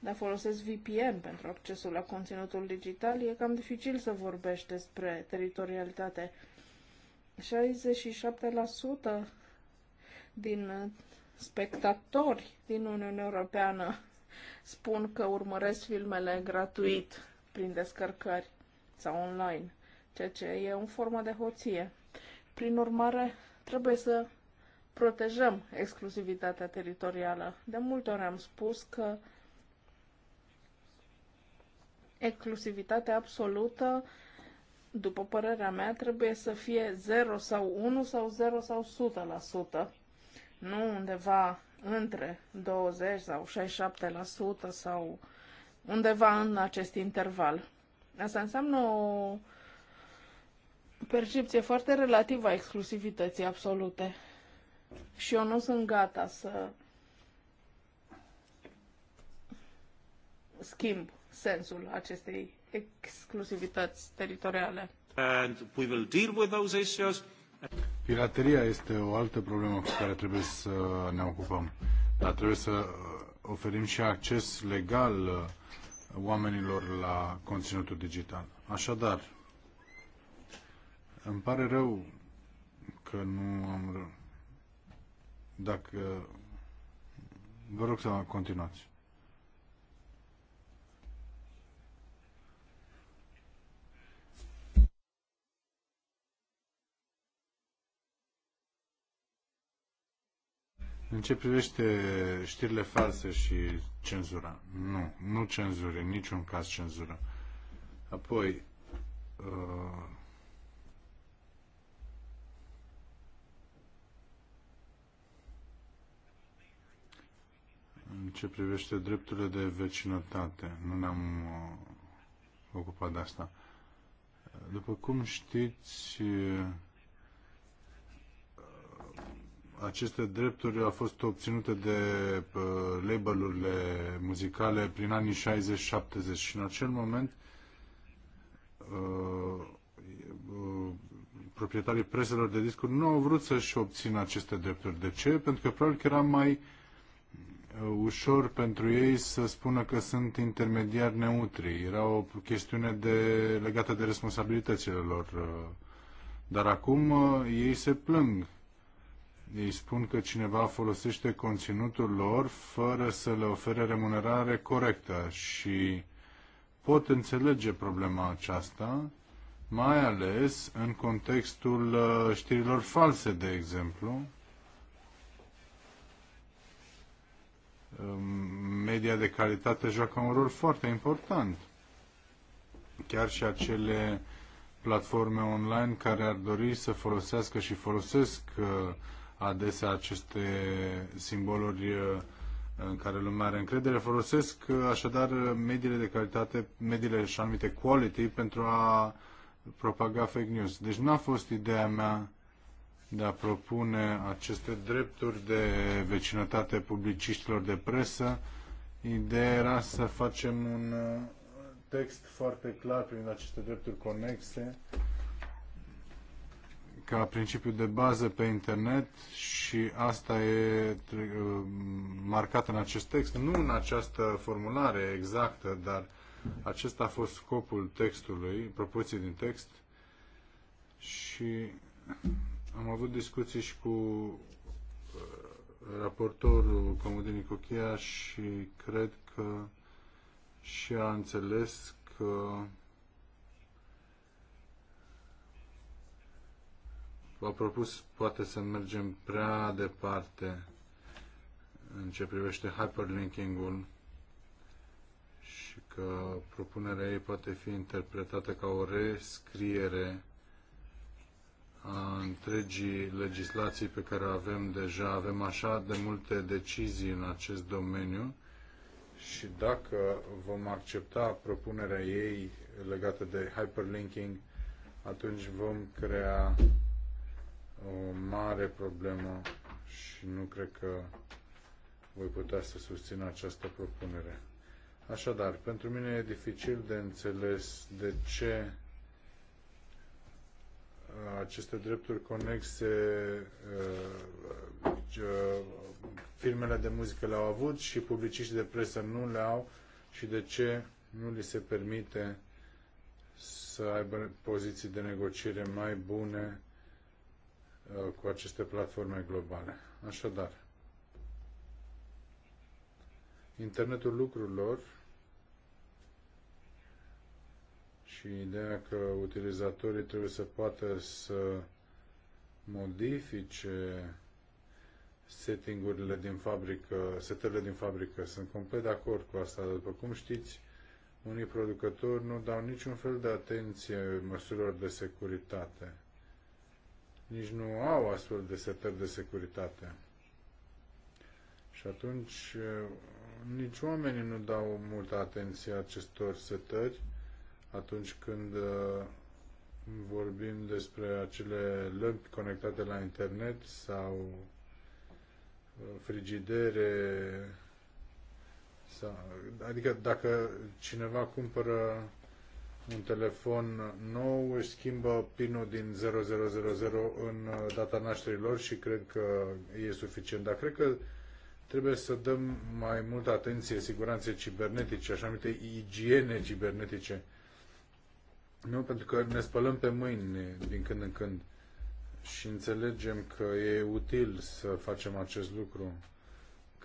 Speaker 2: Dar folosesc VPN pentru accesul la conținutul digital, e cam dificil să vorbești despre teritorialitate. 67% din spectatori din Uniunea Europeană spun că urmăresc filmele gratuit prin descărcări sau online, ceea ce e o formă de hoție. Prin urmare, trebuie să protejăm exclusivitatea teritorială. De multe ori am spus că exclusivitatea absolută, după părerea mea, trebuie să fie 0 sau 1 sau 0 sau 100%. Nu undeva între 20 sau 67% sau undeva în acest interval. Asta înseamnă o percepție foarte relativă a exclusivității absolute. Și eu nu sunt gata să schimb sensul acestei exclusivități teritoriale.
Speaker 1: And we will deal with those issues Pirateria este o altă problemă cu care trebuie să ne ocupăm. Dar trebuie să uh, oferim și acces legal uh, oamenilor la conținutul digital. Așadar, îmi pare rău că nu am... Dacă... Vă rog să continuați. În ce privește știrile false și cenzura? Nu, nu cenzură, în niciun caz cenzură. Apoi, uh, în ce privește drepturile de vecinătate, nu ne-am uh, ocupat de asta. După cum știți, uh, aceste drepturi au fost obținute de uh, labelurile muzicale prin anii 60-70 și în acel moment uh, uh, proprietarii preselor de discuri nu au vrut să-și obțină aceste drepturi. De ce? Pentru că probabil că era mai ușor pentru ei să spună că sunt intermediari neutri. Era o chestiune de, legată de responsabilitățile lor. Dar acum ei se plâng ei spun că cineva folosește conținutul lor fără să le ofere remunerare corectă și pot înțelege problema aceasta, mai ales în contextul uh, știrilor false, de exemplu. Um, media de calitate joacă un rol foarte important. Chiar și acele platforme online care ar dori să folosească și folosesc uh, adesea aceste simboluri uh, în care lumea are încredere. Folosesc uh, așadar mediile de calitate, mediile și anumite quality pentru a propaga fake news. Deci n-a fost ideea mea de a propune aceste drepturi de vecinătate publiciștilor de presă. Ideea era să facem un uh, text foarte clar prin aceste drepturi conexe ca principiu de bază pe internet și asta e uh, marcat în acest text, nu în această formulare exactă, dar acesta a fost scopul textului, propoziției din text și am avut discuții și cu uh, raportorul Comodini Cochia și cred că și a înțeles că v-a propus poate să mergem prea departe în ce privește hyperlinking-ul și că propunerea ei poate fi interpretată ca o rescriere a întregii legislații pe care o avem deja. Avem așa de multe decizii în acest domeniu și dacă vom accepta propunerea ei legată de hyperlinking, atunci vom crea o mare problemă și nu cred că voi putea să susțin această propunere. Așadar, pentru mine e dificil de înțeles de ce aceste drepturi conexe uh, uh, firmele de muzică le-au avut și publiciștii de presă nu le au și de ce nu li se permite să aibă poziții de negociere mai bune Uh, cu aceste platforme globale. Așadar, internetul lucrurilor și ideea că utilizatorii trebuie să poată să modifice settingurile din fabrică, setele din fabrică. Sunt complet de acord cu asta. După cum știți, unii producători nu dau niciun fel de atenție măsurilor de securitate nici nu au astfel de setări de securitate. Și atunci eh, nici oamenii nu dau multă atenție acestor setări atunci când eh, vorbim despre acele lămpi conectate la internet sau eh, frigidere sau, adică dacă cineva cumpără un telefon nou, își schimbă pinul din 0000 în data nașterii lor și cred că e suficient. Dar cred că trebuie să dăm mai multă atenție siguranței cibernetice, așa numite igiene cibernetice. Nu, pentru că ne spălăm pe mâini din când în când și înțelegem că e util să facem acest lucru.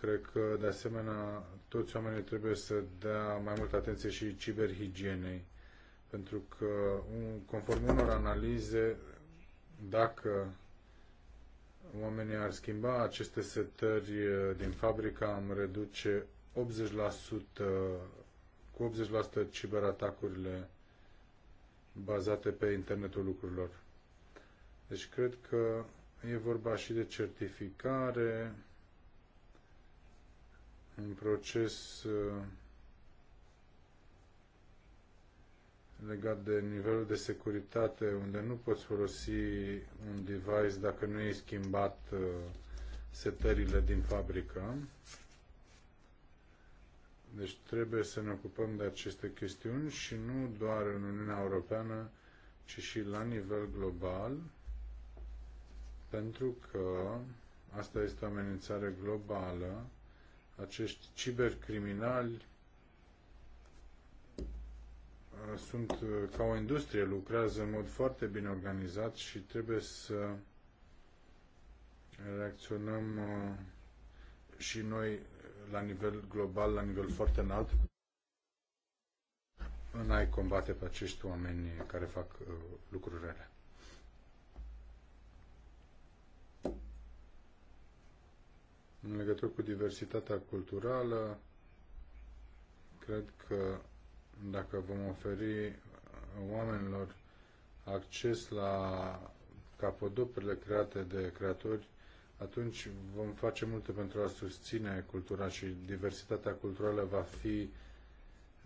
Speaker 1: Cred că, de asemenea, toți oamenii trebuie să dea mai multă atenție și ciberhigienei pentru că, conform unor analize, dacă oamenii ar schimba aceste setări eh, din fabrică, am reduce 80% cu 80% ciberatacurile bazate pe internetul lucrurilor. Deci cred că e vorba și de certificare, un proces eh, legat de nivelul de securitate, unde nu poți folosi un device dacă nu ai schimbat uh, setările din fabrică. Deci trebuie să ne ocupăm de aceste chestiuni și nu doar în Uniunea Europeană, ci și la nivel global, pentru că asta este o amenințare globală. Acești cibercriminali Uh, sunt uh, ca o industrie, lucrează în mod foarte bine organizat și trebuie să reacționăm uh, și noi la nivel global, la nivel foarte înalt, în a-i combate pe acești oameni care fac lucruri rele. În legătură cu diversitatea culturală, cred că dacă vom oferi oamenilor acces la capodoperele create de creatori, atunci vom face multe pentru a susține cultura și diversitatea culturală va fi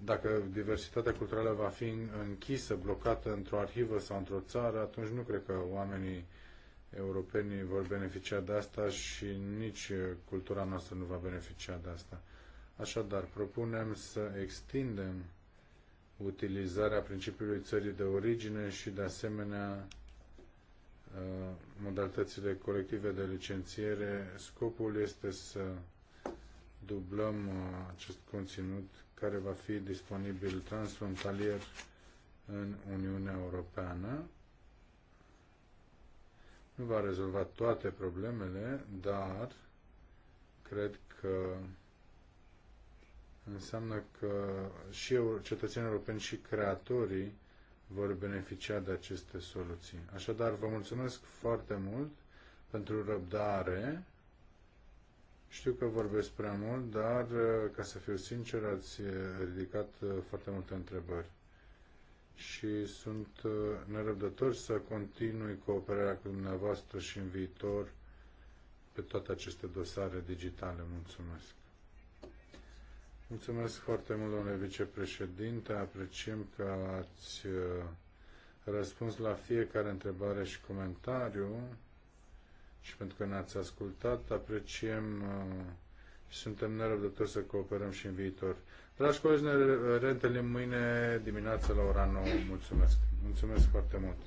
Speaker 1: dacă diversitatea culturală va fi închisă, blocată într-o arhivă sau într-o țară, atunci nu cred că oamenii europenii vor beneficia de asta și nici cultura noastră nu va beneficia de asta. Așadar, propunem să extindem utilizarea principiului țării de origine și, de asemenea, uh, modalitățile colective de licențiere. Scopul este să dublăm uh, acest conținut care va fi disponibil transfrontalier în Uniunea Europeană. Nu va rezolva toate problemele, dar cred că înseamnă că și eu, cetățenii europeni și creatorii vor beneficia de aceste soluții. Așadar, vă mulțumesc foarte mult pentru răbdare. Știu că vorbesc prea mult, dar, uh, ca să fiu sincer, ați uh, ridicat uh, foarte multe întrebări. Și sunt nerăbdător să continui cooperarea cu dumneavoastră și în viitor pe toate aceste dosare digitale. Mulțumesc! Mulțumesc foarte mult, domnule vicepreședinte. Apreciem că ați uh, răspuns la fiecare întrebare și comentariu și pentru că ne-ați ascultat. Apreciem și uh, suntem nerăbdători să cooperăm și în viitor. Dragi colegi, ne reîntâlnim mâine dimineață la ora 9. Mulțumesc! Mulțumesc foarte mult!